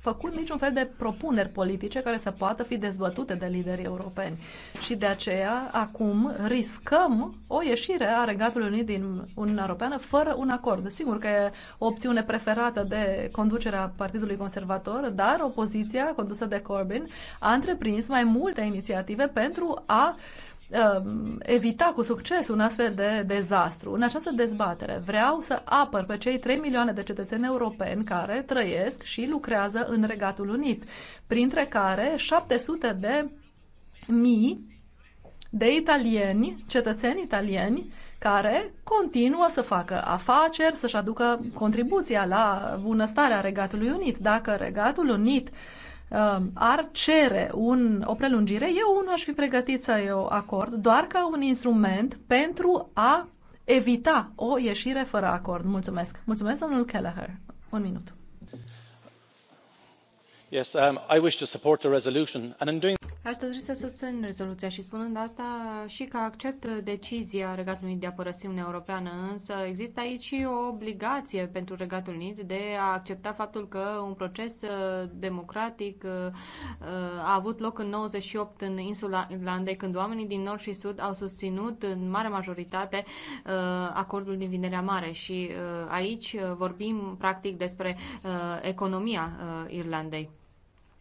făcut niciun fel de propuneri politice care să poată fi dezbătute de liderii europeni. Și de aceea, acum, riscăm o ieșire a Regatului Unit din Uniunea Europeană fără un acord. Sigur că e o opțiune preferată de conducerea Partidului Conservator, dar opoziția condusă de Corbyn a întreprins mai multe inițiative pentru a uh, Um, evita cu succes un astfel de dezastru. În această dezbatere vreau să apăr pe cei 3 milioane de cetățeni europeni care trăiesc și lucrează în Regatul Unit, printre care 700 de mii de italieni, cetățeni italieni, care continuă să facă afaceri, să-și aducă contribuția la bunăstarea Regatului Unit. Dacă Regatul Unit uh, Um, ar cere un, o prelungire, eu nu aș fi pregătit să eu acord, doar ca un instrument pentru a evita o ieșire fără acord. Mulțumesc. Mulțumesc, domnul Kelleher. Un minut. Aș dori să susțin rezoluția și spunând asta și că accept decizia Regatului Unit de a părăsi Uniunea Europeană, însă există aici și o obligație pentru Regatul Unit de a accepta faptul că un proces uh, democratic uh, uh, a avut loc în 98 în insula Irlandei, când oamenii din nord și sud au susținut în mare majoritate acordul din Vinerea Mare și aici vorbim practic despre economia Irlandei.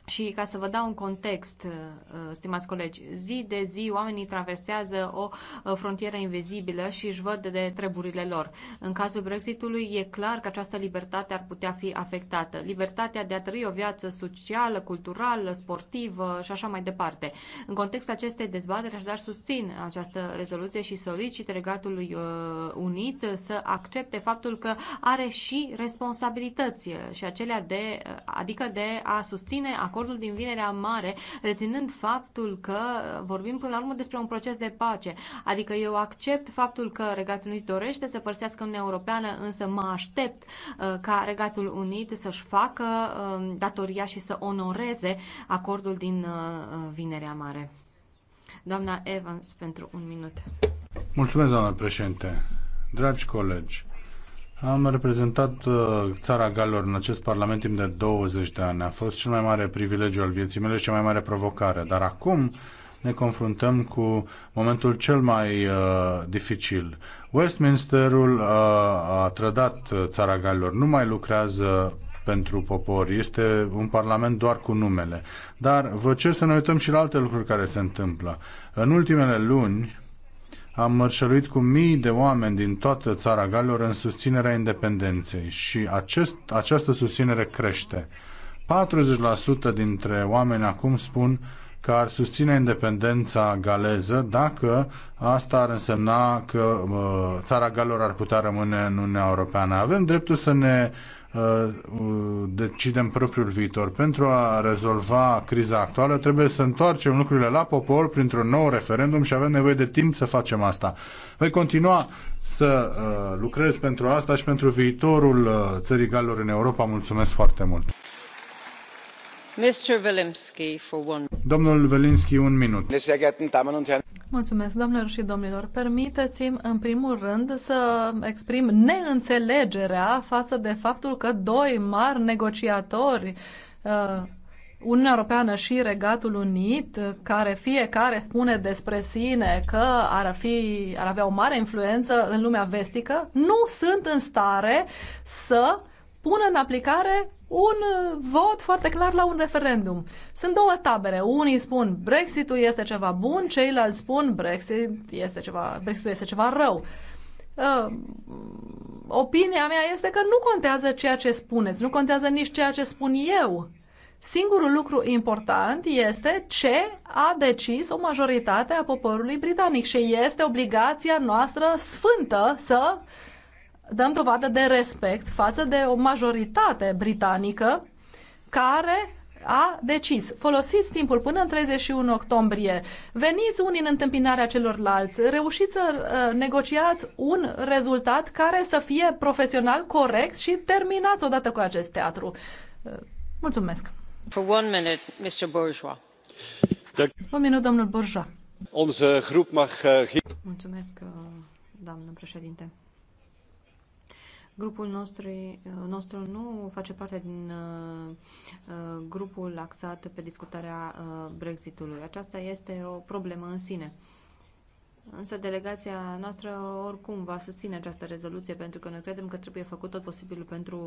Și ca să vă dau un context, uh, uh, stimați colegi, zi de zi oamenii traversează o uh, frontieră invizibilă și își văd de treburile lor. În cazul Brexitului e clar că această libertate ar putea fi afectată. Libertatea de a trăi o viață socială, culturală, sportivă și așa mai departe. În contextul acestei dezbateri dar susțin această rezoluție și solicit Regatului Unit să accepte faptul că are și responsabilități și acelea de, adică de a susține acordul din Vinerea Mare, reținând faptul că vorbim până la urmă despre un proces de pace. Adică eu accept faptul că Regatul Unit dorește să părsească Uniunea Europeană, însă mă aștept uh, ca Regatul Unit să-și facă um, datoria și să onoreze acordul din uh, Vinerea Mare. Doamna Evans, pentru un minut. Mulțumesc, doamnă președinte. Dragi colegi, am reprezentat uh, țara Galor în acest parlament timp de 20 de ani. A fost cel mai mare privilegiu al vieții mele și cea mai mare provocare. Dar acum ne confruntăm cu momentul cel mai uh, dificil. Westminsterul uh, a trădat uh, țara Galilor, nu mai lucrează pentru popor, este un parlament doar cu numele. Dar vă cer să ne uităm și la alte lucruri care se întâmplă. În ultimele luni, am mărșăluit cu mii de oameni din toată țara Galilor în susținerea independenței și acest, această susținere crește. 40% dintre oameni acum spun că ar susține independența galeză dacă asta ar însemna că uh, țara Galilor ar putea rămâne în Uniunea Europeană. Avem dreptul să ne Uh, uh, decidem propriul viitor. Pentru a rezolva criza actuală trebuie să întoarcem lucrurile la popor printr-un nou referendum și avem nevoie de timp să facem asta. Voi continua să uh, lucrez pentru asta și pentru viitorul țării Galilor în Europa. Mulțumesc foarte mult! Domnul Velinski, un minut. Mulțumesc, doamnelor și domnilor. Permiteți-mi, în primul rând, să exprim neînțelegerea față de faptul că doi mari negociatori uh, Uniunea Europeană și Regatul Unit, care fiecare spune despre sine că ar, fi, ar avea o mare influență în lumea vestică, nu sunt în stare să pună în aplicare un uh, vot foarte clar la un referendum. Sunt două tabere. Unii spun Brexitul este ceva bun, ceilalți spun Brexit este ceva, Brexitul este ceva rău. Uh, opinia mea este că nu contează ceea ce spuneți, nu contează nici ceea ce spun eu. Singurul lucru important este ce a decis o majoritate a poporului britanic și este obligația noastră sfântă să uh, dăm dovadă de respect față de o majoritate britanică care a decis, folosiți timpul până în 31 octombrie, veniți unii în întâmpinarea celorlalți, reușiți să uh, negociați un rezultat care să fie profesional corect și terminați odată cu acest teatru. Uh, mulțumesc. For one minute, Mr. Bourgeois. Un minut, domnul Bourgeois. Onze grup mag... Uh, mulțumesc, doamnă președinte. Grupul nostru, uh, nostru nu face parte din uh, uh, grupul axat pe discutarea Brexitului. Aceasta este o problemă în sine. Însă delegația noastră oricum va susține această rezoluție pentru că noi credem că trebuie făcut tot posibilul pentru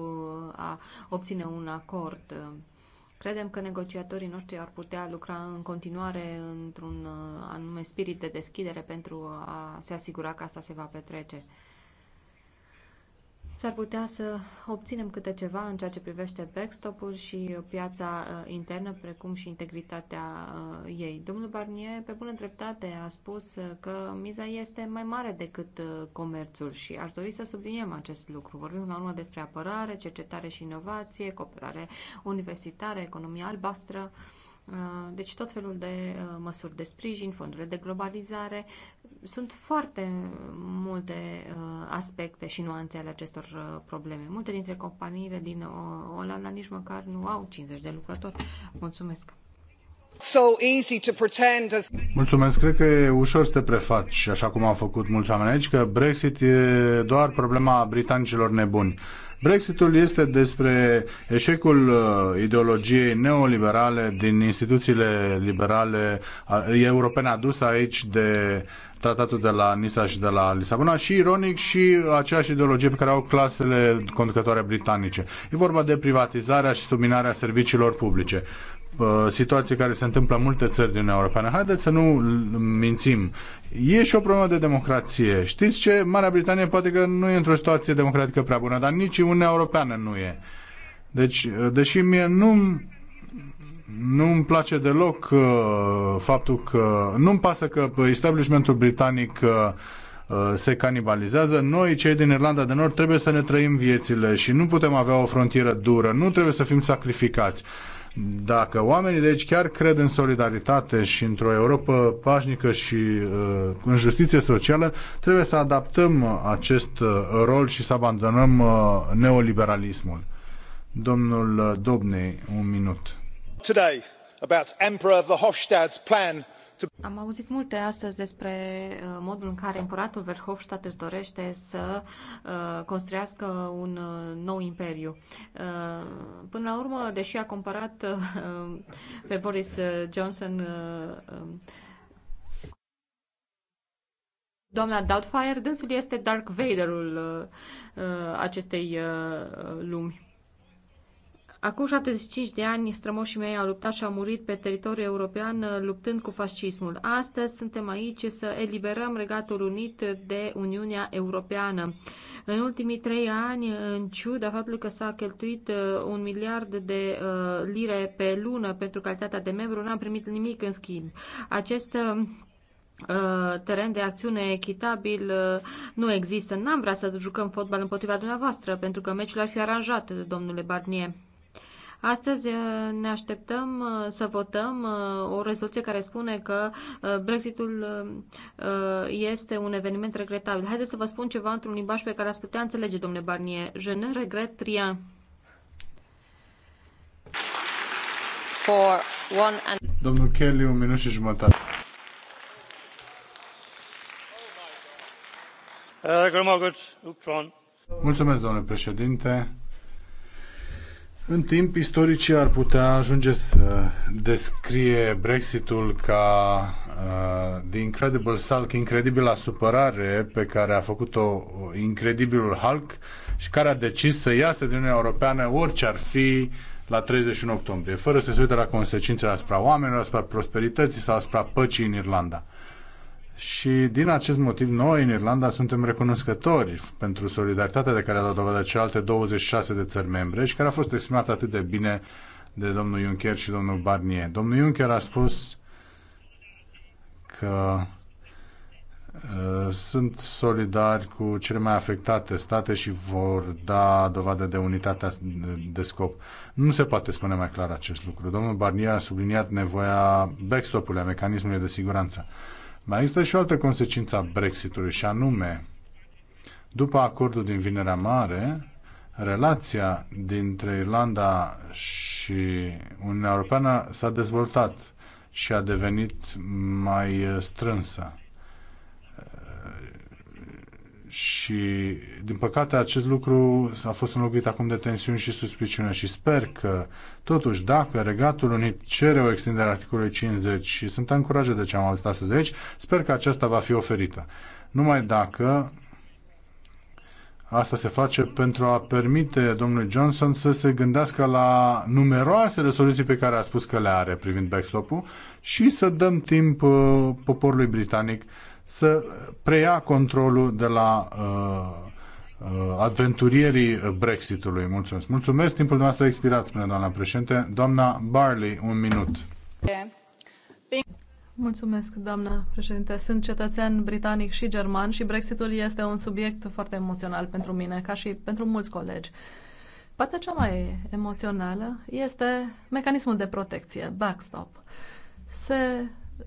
a obține un acord. Credem că negociatorii noștri ar putea lucra în continuare într-un anume spirit de deschidere pentru a se asigura că asta se va petrece s-ar putea să obținem câte ceva în ceea ce privește backstop-ul și uh, piața uh, internă, precum și integritatea uh, ei. Domnul Barnier, pe bună dreptate, a spus că miza este mai mare decât comerțul și aș dori să subliniem acest lucru. Vorbim la urmă despre apărare, cercetare și inovație, cooperare universitară, economia albastră. Uh, deci tot felul de uh, măsuri de sprijin, fondurile de globalizare, sunt foarte multe uh, aspecte și nuanțe ale acestor probleme. Multe dintre companiile din Olanda nici măcar nu au 50 de lucrători. Mulțumesc! So easy to pretend as... Mulțumesc. Cred că e ușor să te prefaci, așa cum au făcut mulți oameni aici, că Brexit e doar problema britanicilor nebuni. Brexitul este despre eșecul uh, ideologiei neoliberale din instituțiile liberale europene adusă aici de tratatul de la Nisa și de la Lisabona și, ironic, și aceeași ideologie pe care au clasele conducătoare britanice. E vorba de privatizarea și subminarea serviciilor publice. Uh, situație care se întâmplă în multe țări din Uniunea Europeană. Haideți să nu mințim. E și o problemă de democrație. Știți ce? Marea Britanie poate că nu e într-o situație democratică prea bună, dar nici Uniunea Europeană nu e. Deci, uh, deși mie nu nu îmi place deloc uh, faptul că nu-mi pasă că establishmentul britanic uh, uh, se canibalizează. Noi, cei din Irlanda de Nord, trebuie să ne trăim viețile și nu putem avea o frontieră dură, nu trebuie să fim sacrificați. Dacă oamenii de aici chiar cred în solidaritate și într-o Europa pașnică și uh, în justiție socială, trebuie să adaptăm acest uh, rol și să abandonăm uh, neoliberalismul. Domnul uh, Dobnei, un minut. Today, about Emperor Verhofstadt's plan am auzit multe astăzi despre uh, modul în care împăratul Verhofstadt își dorește să uh, construiască un uh, nou imperiu. Până la urmă, deși a comparat pe Boris Johnson um, doamna Doubtfire, dânsul este Dark Vaderul acestei lumi. Acum 75 de ani, strămoșii mei au luptat și au murit pe teritoriul european uh, luptând cu fascismul. Astăzi suntem aici să eliberăm Regatul Unit de Uniunea Europeană. În ultimii trei ani, în ciuda faptului că s-a cheltuit uh, un miliard de uh, lire pe lună pentru calitatea de membru, n-am primit nimic în schimb. Acest teren de acțiune echitabil nu există. N-am vrea să jucăm fotbal împotriva dumneavoastră, pentru că meciul ar fi aranjat, domnule Barnier. Astăzi uh, ne așteptăm uh, să votăm uh, o rezoluție care spune că Brexitul este un eveniment regretabil. Haideți să vă spun ceva într-un limbaj pe care ați putea înțelege, domnule Barnier. Je ne regret rien. For one and... Domnul Kelly, un minut și jumătate. Mulțumesc, domnule președinte. În timp, istoricii ar putea ajunge să descrie Brexitul ca uh, The Incredible Sulk, incredibila supărare pe care a făcut-o uh, incredibilul Hulk și care a decis să iasă din Uniunea Europeană orice ar fi la 31 octombrie, fără să se uite la consecințele asupra oamenilor, asupra prosperității sau asupra păcii în Irlanda. Și din acest motiv, noi în Irlanda suntem recunoscători pentru solidaritatea de care a dat dovadă celelalte 26 de țări membre și care a fost exprimată atât de bine de domnul Juncker și domnul Barnier. Domnul Juncker a spus că uh, sunt solidari cu cele mai afectate state și vor da dovadă de unitatea de scop. Nu se poate spune mai clar acest lucru. Domnul Barnier a subliniat nevoia backstop-ului, a mecanismului de siguranță. Mai există și o altă consecință a Brexitului și anume, după acordul din Vinerea Mare, relația dintre Irlanda și Uniunea Europeană s-a dezvoltat și a devenit mai strânsă și, din păcate, acest lucru a fost înlocuit acum de tensiuni și suspiciune și sper că, totuși, dacă Regatul Unit cere o extindere a articolului 50 și sunt încurajat de ce am auzit astăzi aici, sper că aceasta va fi oferită. Numai dacă Asta se face pentru a permite domnului Johnson să se gândească la numeroasele soluții pe care a spus că le are privind backstop-ul și să dăm timp uh, poporului britanic să preia controlul de la uh, uh, adventurierii Brexitului. Mulțumesc. Mulțumesc. Timpul nostru a expirat, spune doamna președinte. Doamna Barley, un minut. Mulțumesc, doamna președinte. Sunt cetățean britanic și german și Brexitul este un subiect foarte emoțional pentru mine, ca și pentru mulți colegi. Partea cea mai emoțională este mecanismul de protecție, backstop. Se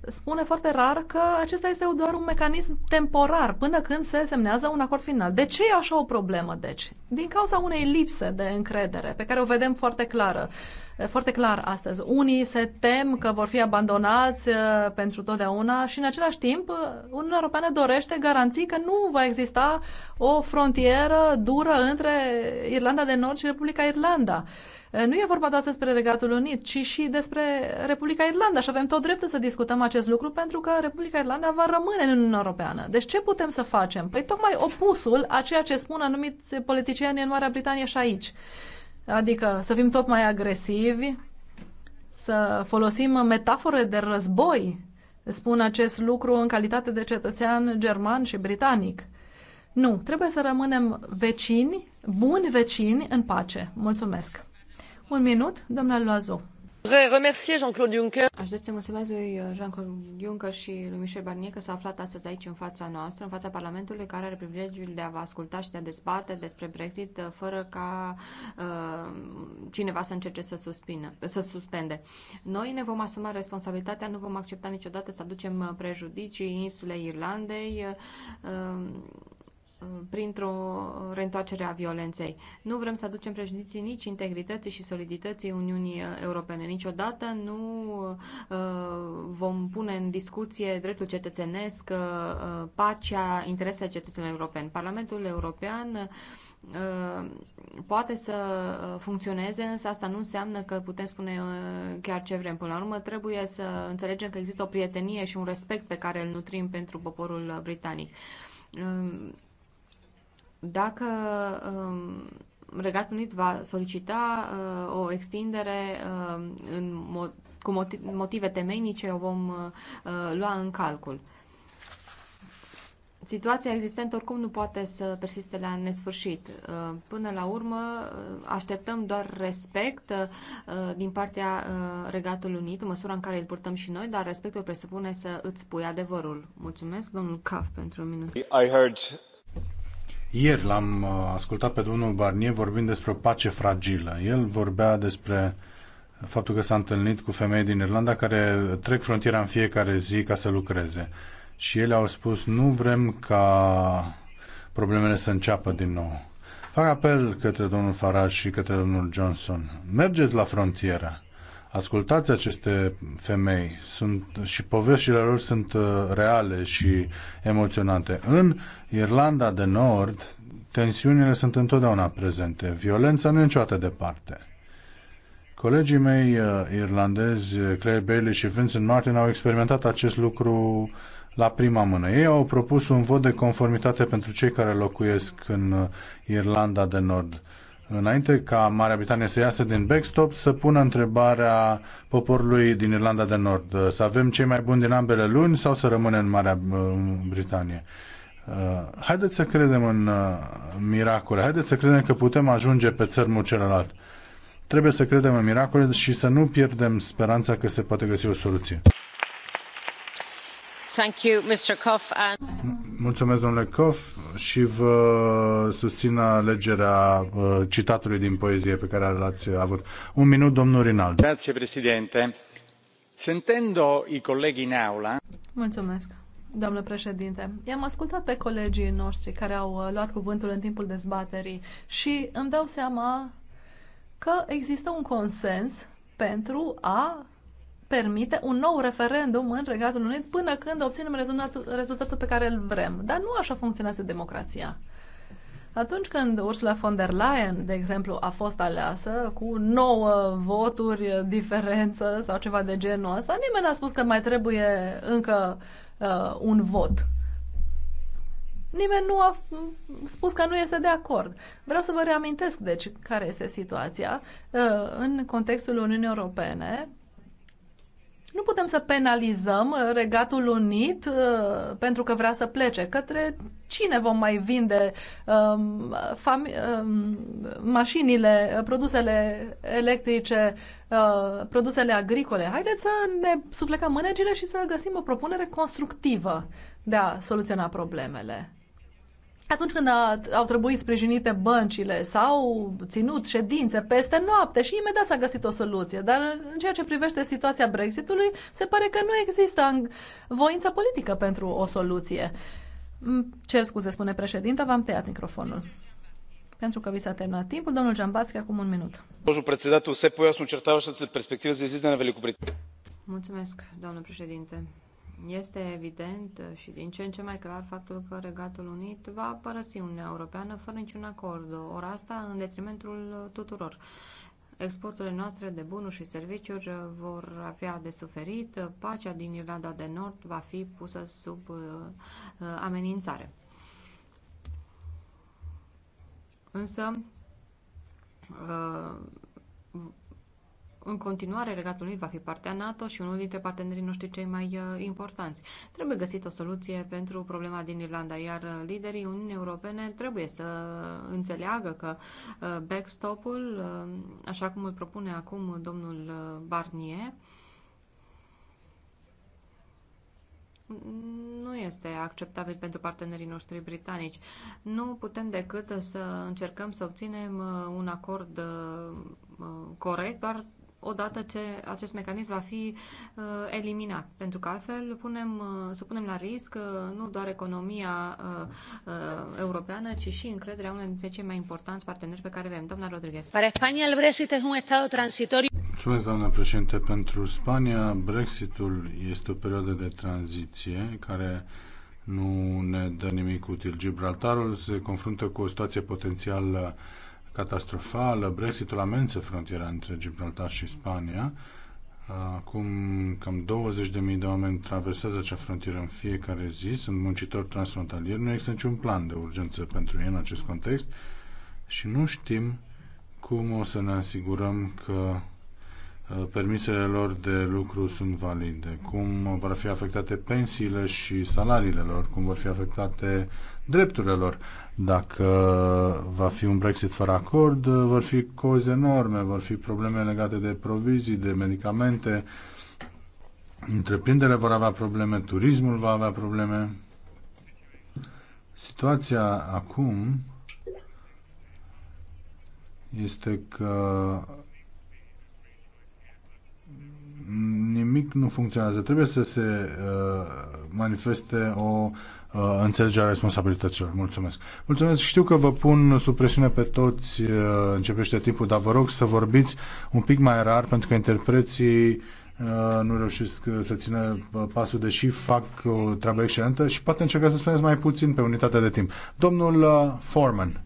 spune foarte rar că acesta este doar un mecanism temporar până când se semnează un acord final. De ce e așa o problemă, deci? Din cauza unei lipse de încredere pe care o vedem foarte clară. Foarte clar astăzi. Unii se tem că vor fi abandonați uh, pentru totdeauna și în același timp uh, Uniunea Europeană dorește garanții că nu va exista o frontieră dură între Irlanda de Nord și Republica Irlanda. Uh, Eh, nu e vorba doar despre Regatul Unit, ci și despre Republica Irlanda și avem tot dreptul să discutăm acest lucru pentru că Republica Irlanda va rămâne în Uniunea Europeană. Deci ce putem să facem? Păi tocmai opusul a ceea ce spun anumiți politicieni în Marea Britanie și aici. Adică să fim tot mai agresivi, să folosim metafore de război. Spun acest lucru în calitate de cetățean german și britanic. Nu, trebuie să rămânem vecini, buni vecini, în pace. Mulțumesc! Un minut, doamna Loazo. Aș dori să mulțumesc lui uh, Jean-Claude Juncker și lui Michel Barnier că s-a aflat astăzi aici în fața noastră, în fața Parlamentului, care are privilegiul de a vă asculta și de a dezbate despre Brexit uh, fără ca uh, cineva să încerce să, suspină, să suspende. Noi ne vom asuma responsabilitatea, nu vom accepta niciodată să aducem uh, prejudicii insulei Irlandei. Uh, Uh, printr-o reîntoarcere a violenței. Nu vrem să aducem prejudicii nici integrității și solidității Uniunii Europene. Niciodată nu uh, vom pune în discuție dreptul cetățenesc, uh, pacea, interesele cetățenilor europeni. Parlamentul European poate să funcționeze, însă asta nu înseamnă că putem spune chiar ce vrem. Până la urmă, trebuie să înțelegem că există o prietenie și un respect pe care îl nutrim pentru poporul britanic dacă um, Regatul Unit va solicita uh, o extindere um, în mod, cu motiv, motive temeinice, o vom uh, uh, lua în calcul. Situația existentă oricum nu poate să persiste la nesfârșit. Până la urmă, așteptăm doar respect din partea Regatului Unit, în măsura în care îl purtăm și noi, dar respectul presupune să îți spui adevărul. Mulțumesc, domnul Caf, pentru un minut. I heard ieri l-am uh, ascultat pe domnul Barnier vorbind despre o pace fragilă. El vorbea despre faptul că s-a întâlnit cu femei din Irlanda care trec frontiera în fiecare zi ca să lucreze. Și ele au spus, nu vrem ca problemele să înceapă din nou. Fac apel către domnul Farage și către domnul Johnson. Mergeți la frontieră ascultați aceste femei sunt, și poveștile lor sunt uh, reale și emoționante. În Irlanda de Nord, tensiunile sunt întotdeauna prezente. Violența nu e niciodată departe. Colegii mei uh, irlandezi, Claire Bailey și Vincent Martin, au experimentat acest lucru la prima mână. Ei au propus un vot de conformitate pentru cei care locuiesc în uh, Irlanda de Nord înainte ca Marea Britanie să iasă din backstop, să pună întrebarea poporului din Irlanda de Nord. Să avem cei mai buni din ambele luni sau să rămânem în Marea uh, Britanie? Uh, haideți să credem în uh, miracole, haideți să credem că putem ajunge pe țărmul celălalt. Trebuie să credem în miracole și să nu pierdem speranța că se poate găsi o soluție. Thank you, Mr. Koff. And... Mulțumesc, domnule Koff și vă susțin alegerea uh, citatului din poezie pe care l-ați avut. Un minut, domnul Rinaldi. Grazie, președinte. Sentendo i colleghi in aula... Mulțumesc, domnule președinte. I-am ascultat pe colegii noștri care au uh, luat cuvântul în timpul dezbaterii și îmi dau seama că există un consens pentru a permite un nou referendum în Regatul Unit până când obținem rezultatul, pe care îl vrem. Dar nu așa funcționează democrația. Atunci când Ursula von der Leyen, de exemplu, a fost aleasă cu nouă voturi diferență sau ceva de genul ăsta, nimeni n-a spus că mai trebuie încă uh, un vot. Nimeni nu a spus că nu este de acord. Vreau să vă reamintesc, deci, care este situația. Uh, în contextul Uniunii Europene, nu putem să penalizăm uh, Regatul Unit uh, pentru că vrea să plece. Către cine vom mai vinde um, um, uh, fami- mașinile, produsele electrice, uh, produsele agricole? Haideți să ne suflecăm mânecile și să găsim o propunere constructivă de a soluționa problemele atunci când a, au trebuit sprijinite băncile, s-au ținut ședințe peste noapte și imediat s-a găsit o soluție. Dar în ceea ce privește situația Brexitului, se pare că nu există voință politică pentru o soluție. Mm, cer scuze, spune președinta, v-am tăiat microfonul. Pentru că vi s-a terminat timpul, domnul Giambațchi, acum un minut. Domnul președinte, să nu certau се перспектива за излизане на Великобритания. Mulțumesc, domnul președinte. Este evident și din ce în ce mai clar faptul că Regatul Unit va părăsi Uniunea Europeană fără niciun acord, ori asta în detrimentul tuturor. Exporturile noastre de bunuri și serviciuri vor avea de suferit, pacea din Irlanda de Nord va fi pusă sub uh, uh, amenințare. Însă, uh, în continuare regatul Regatului va fi partea NATO și unul dintre partenerii noștri cei mai uh, importanți. Trebuie găsit o soluție pentru problema din Irlanda, iar uh, liderii Uniunii Europene trebuie să înțeleagă că uh, backstop-ul, așa cum îl propune acum domnul Barnier, nu este acceptabil pentru partenerii noștri britanici. Nu putem decât să încercăm să obținem un acord corect doar odată ce acest mecanism va fi uh, eliminat, pentru că altfel punem, uh, supunem la risc uh, nu doar economia uh, uh, europeană, ci și încrederea unei dintre cei mai importanți parteneri pe care avem. Doamna Rodriguez. Para España, el Brexit es un estado transitorio. Mulțumesc, doamna președinte. Pentru Spania, Brexitul este o perioadă de tranziție care nu ne dă nimic util. Gibraltarul se confruntă cu o situație potențială catastrofală, Brexitul amenință frontiera între Gibraltar și Spania. Acum cam 20.000 de oameni traversează acea frontieră în fiecare zi, sunt muncitori transfrontalieri, nu există niciun plan de urgență pentru ei în acest context și nu știm cum o să ne asigurăm că uh, permisele lor de lucru sunt valide, cum vor fi afectate pensiile și salariile lor, cum vor fi afectate drepturilor. Dacă va fi un Brexit fără acord, vor fi cozi enorme, vor fi probleme legate de provizii, de medicamente, întreprinderile vor avea probleme, turismul va avea probleme. Situația acum este că nimic nu funcționează. Trebuie să se uh, manifeste o uh, Uh, înțelegerea responsabilităților. Mulțumesc. Mulțumesc. Știu că vă pun sub presiune pe toți, uh, începește timpul, dar vă rog să vorbiți un pic mai rar, pentru că interpreții uh, nu reușesc să țină pasul, deși fac o treabă excelentă și poate încerca să spuneți mai puțin pe unitate de timp. Domnul Foreman.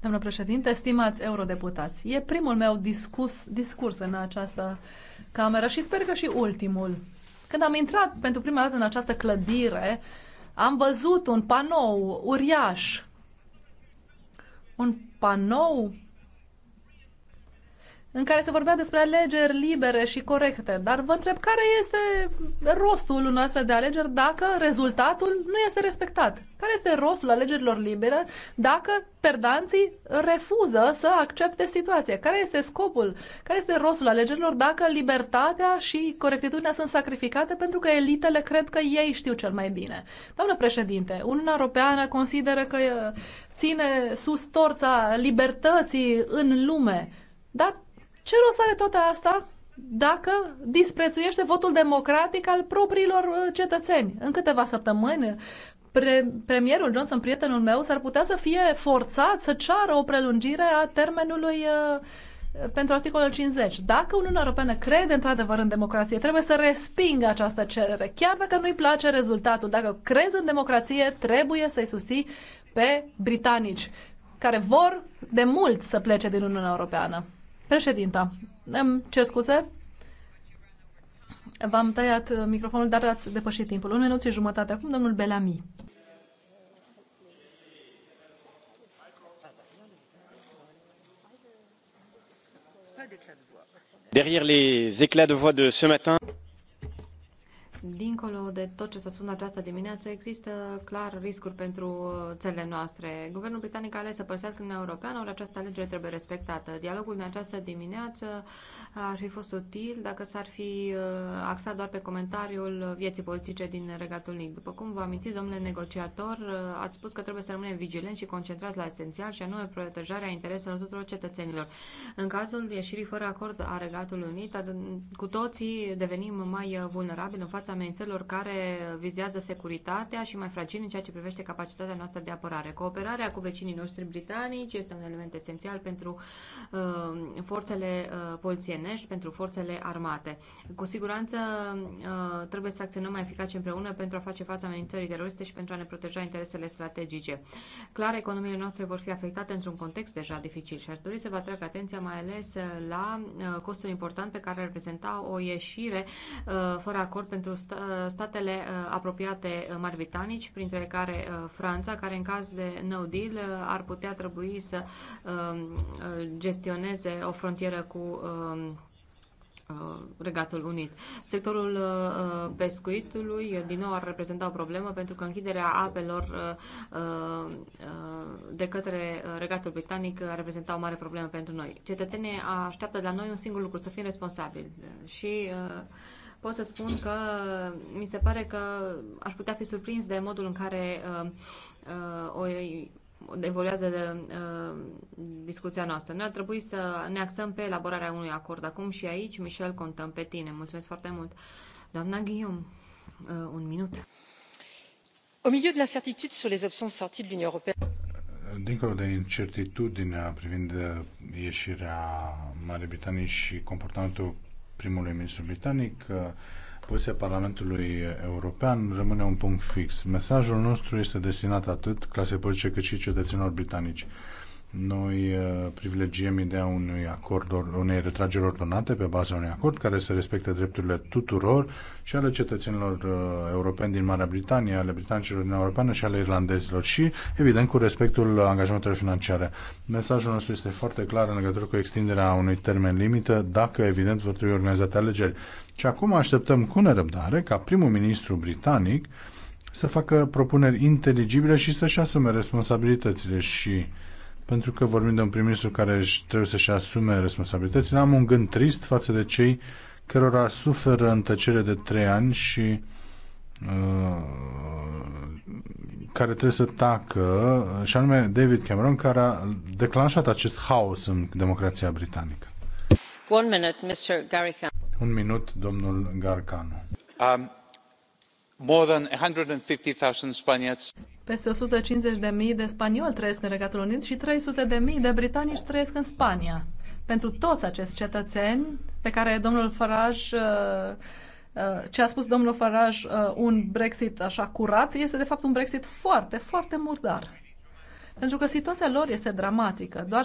Domnul președinte, stimați eurodeputați, e primul meu discurs, discurs în această cameră și sper că și ultimul. Când am intrat pentru prima dată în această clădire, am văzut un panou uriaș. Un panou în care se vorbea despre alegeri libere și corecte. Dar vă întreb care este rostul unui astfel de alegeri dacă rezultatul nu este respectat? Care este rostul alegerilor libere dacă perdanții refuză să accepte situația? Care este scopul? Care este rostul alegerilor dacă libertatea și corectitudinea sunt sacrificate pentru că elitele cred că ei știu cel mai bine? Doamnă președinte, Uniunea Europeană consideră că uh, ține sus torța libertății în lume. Dar ce rost are toată asta dacă disprețuiește votul democratic al propriilor uh, cetățeni? În câteva săptămâni, pre- premierul Johnson, prietenul meu, s-ar putea să fie forțat să ceară o prelungire a termenului uh, pentru articolul 50. Dacă Uniunea Europeană crede într-adevăr în democrație, trebuie să respingă această cerere, chiar dacă nu-i place rezultatul. Dacă crezi în democrație, trebuie să-i susții pe britanici, care vor de mult să plece din Uniunea Europeană. Președinta, îmi cer scuze. V-am tăiat microfonul, dar ați depășit timpul. Un minut și jumătate. Acum domnul Belami. Derrière les éclats de voix de ce matin dincolo de tot ce s-a spus în această dimineață, există clar riscuri pentru uh, țările noastre. Guvernul britanic a ales să părăsească Uniunea Europeană, ori această alegere trebuie respectată. Dialogul din această dimineață ar fi fost util dacă s-ar fi uh, axat doar pe comentariul vieții politice din Regatul Unit. După cum vă amintiți, domnule negociator, uh, ați spus că trebuie să rămânem vigilenți și concentrați la esențial și anume protejarea intereselor tuturor cetățenilor. În cazul ieșirii fără acord a Regatului Unit, cu toții devenim mai vulnerabili în fața amenințărilor care vizează securitatea și mai fragil în ceea ce privește capacitatea noastră de apărare. Cooperarea cu vecinii noștri britanici este un element esențial pentru uh, forțele uh, polițienești, pentru forțele armate. Cu siguranță uh, trebuie să acționăm mai eficace împreună pentru a face față amenințării teroriste și pentru a ne proteja interesele strategice. Clar, economiile noastre vor fi afectate într-un context deja dificil și aș dori să vă atrag atenția mai ales la uh, costul important pe care reprezenta o ieșire uh, fără acord pentru statele uh, apropiate uh, mari britanici, printre care uh, Franța, care în caz de no deal ar putea trebui să um, gestioneze o frontieră cu um, Regatul Unit. Sectorul pescuitului din nou ar reprezenta o problemă pentru că închiderea apelor de către Regatul Britanic ar reprezenta o mare problemă pentru noi. Cetățenii așteaptă de la noi un singur lucru, să fim responsabili și uh, pot să spun că mi se pare că aș putea fi surprins de modul în care uh, uh, o evoluează de, uh, discuția noastră. Noi ar trebui să ne axăm pe elaborarea unui acord acum și aici, Michel, contăm pe tine. Mulțumesc foarte mult. Doamna Guillaume, uh, un minut. Au milieu de l'incertitude sur les options sorties de l'Union européenne. Dincolo de incertitudinea privind uh, ieșirea Marii Britanii și comportamentul primului ministru britanic, poziția Parlamentului European rămâne un punct fix. Mesajul nostru este destinat atât clasei politice cât și cetățenilor britanici. Noi uh, privilegiem ideea unui acord, unei retrageri ordonate pe baza unui acord care să respecte drepturile tuturor și ale cetățenilor uh, europeni din Marea Britanie, ale britanicilor din Europeană și ale irlandezilor și, evident, cu respectul angajamentelor financiare. Mesajul nostru este foarte clar în legătură cu extinderea unui termen limită, dacă, evident, vor trebui organizate alegeri. Și acum așteptăm cu nerăbdare ca primul ministru britanic să facă propuneri inteligibile și să-și asume responsabilitățile și pentru că vorbim de un prim-ministru care trebuie să-și asume responsabilitățile. Am un gând trist față de cei cărora suferă în tăcere de trei ani și uh, care trebuie să tacă, și anume David Cameron, care a declanșat acest haos în democrația britanică. One minute, Mr. Un minut, domnul Garcanu. Um peste 150.000 de spanioli trăiesc în Regatul Unit și 300.000 de britanici trăiesc în Spania. Pentru toți acești cetățeni pe care domnul Farage, uh, uh, ce a spus domnul Farage, uh, un Brexit așa curat, este de fapt un Brexit foarte, foarte murdar. Pentru că situația lor este dramatică. Doar să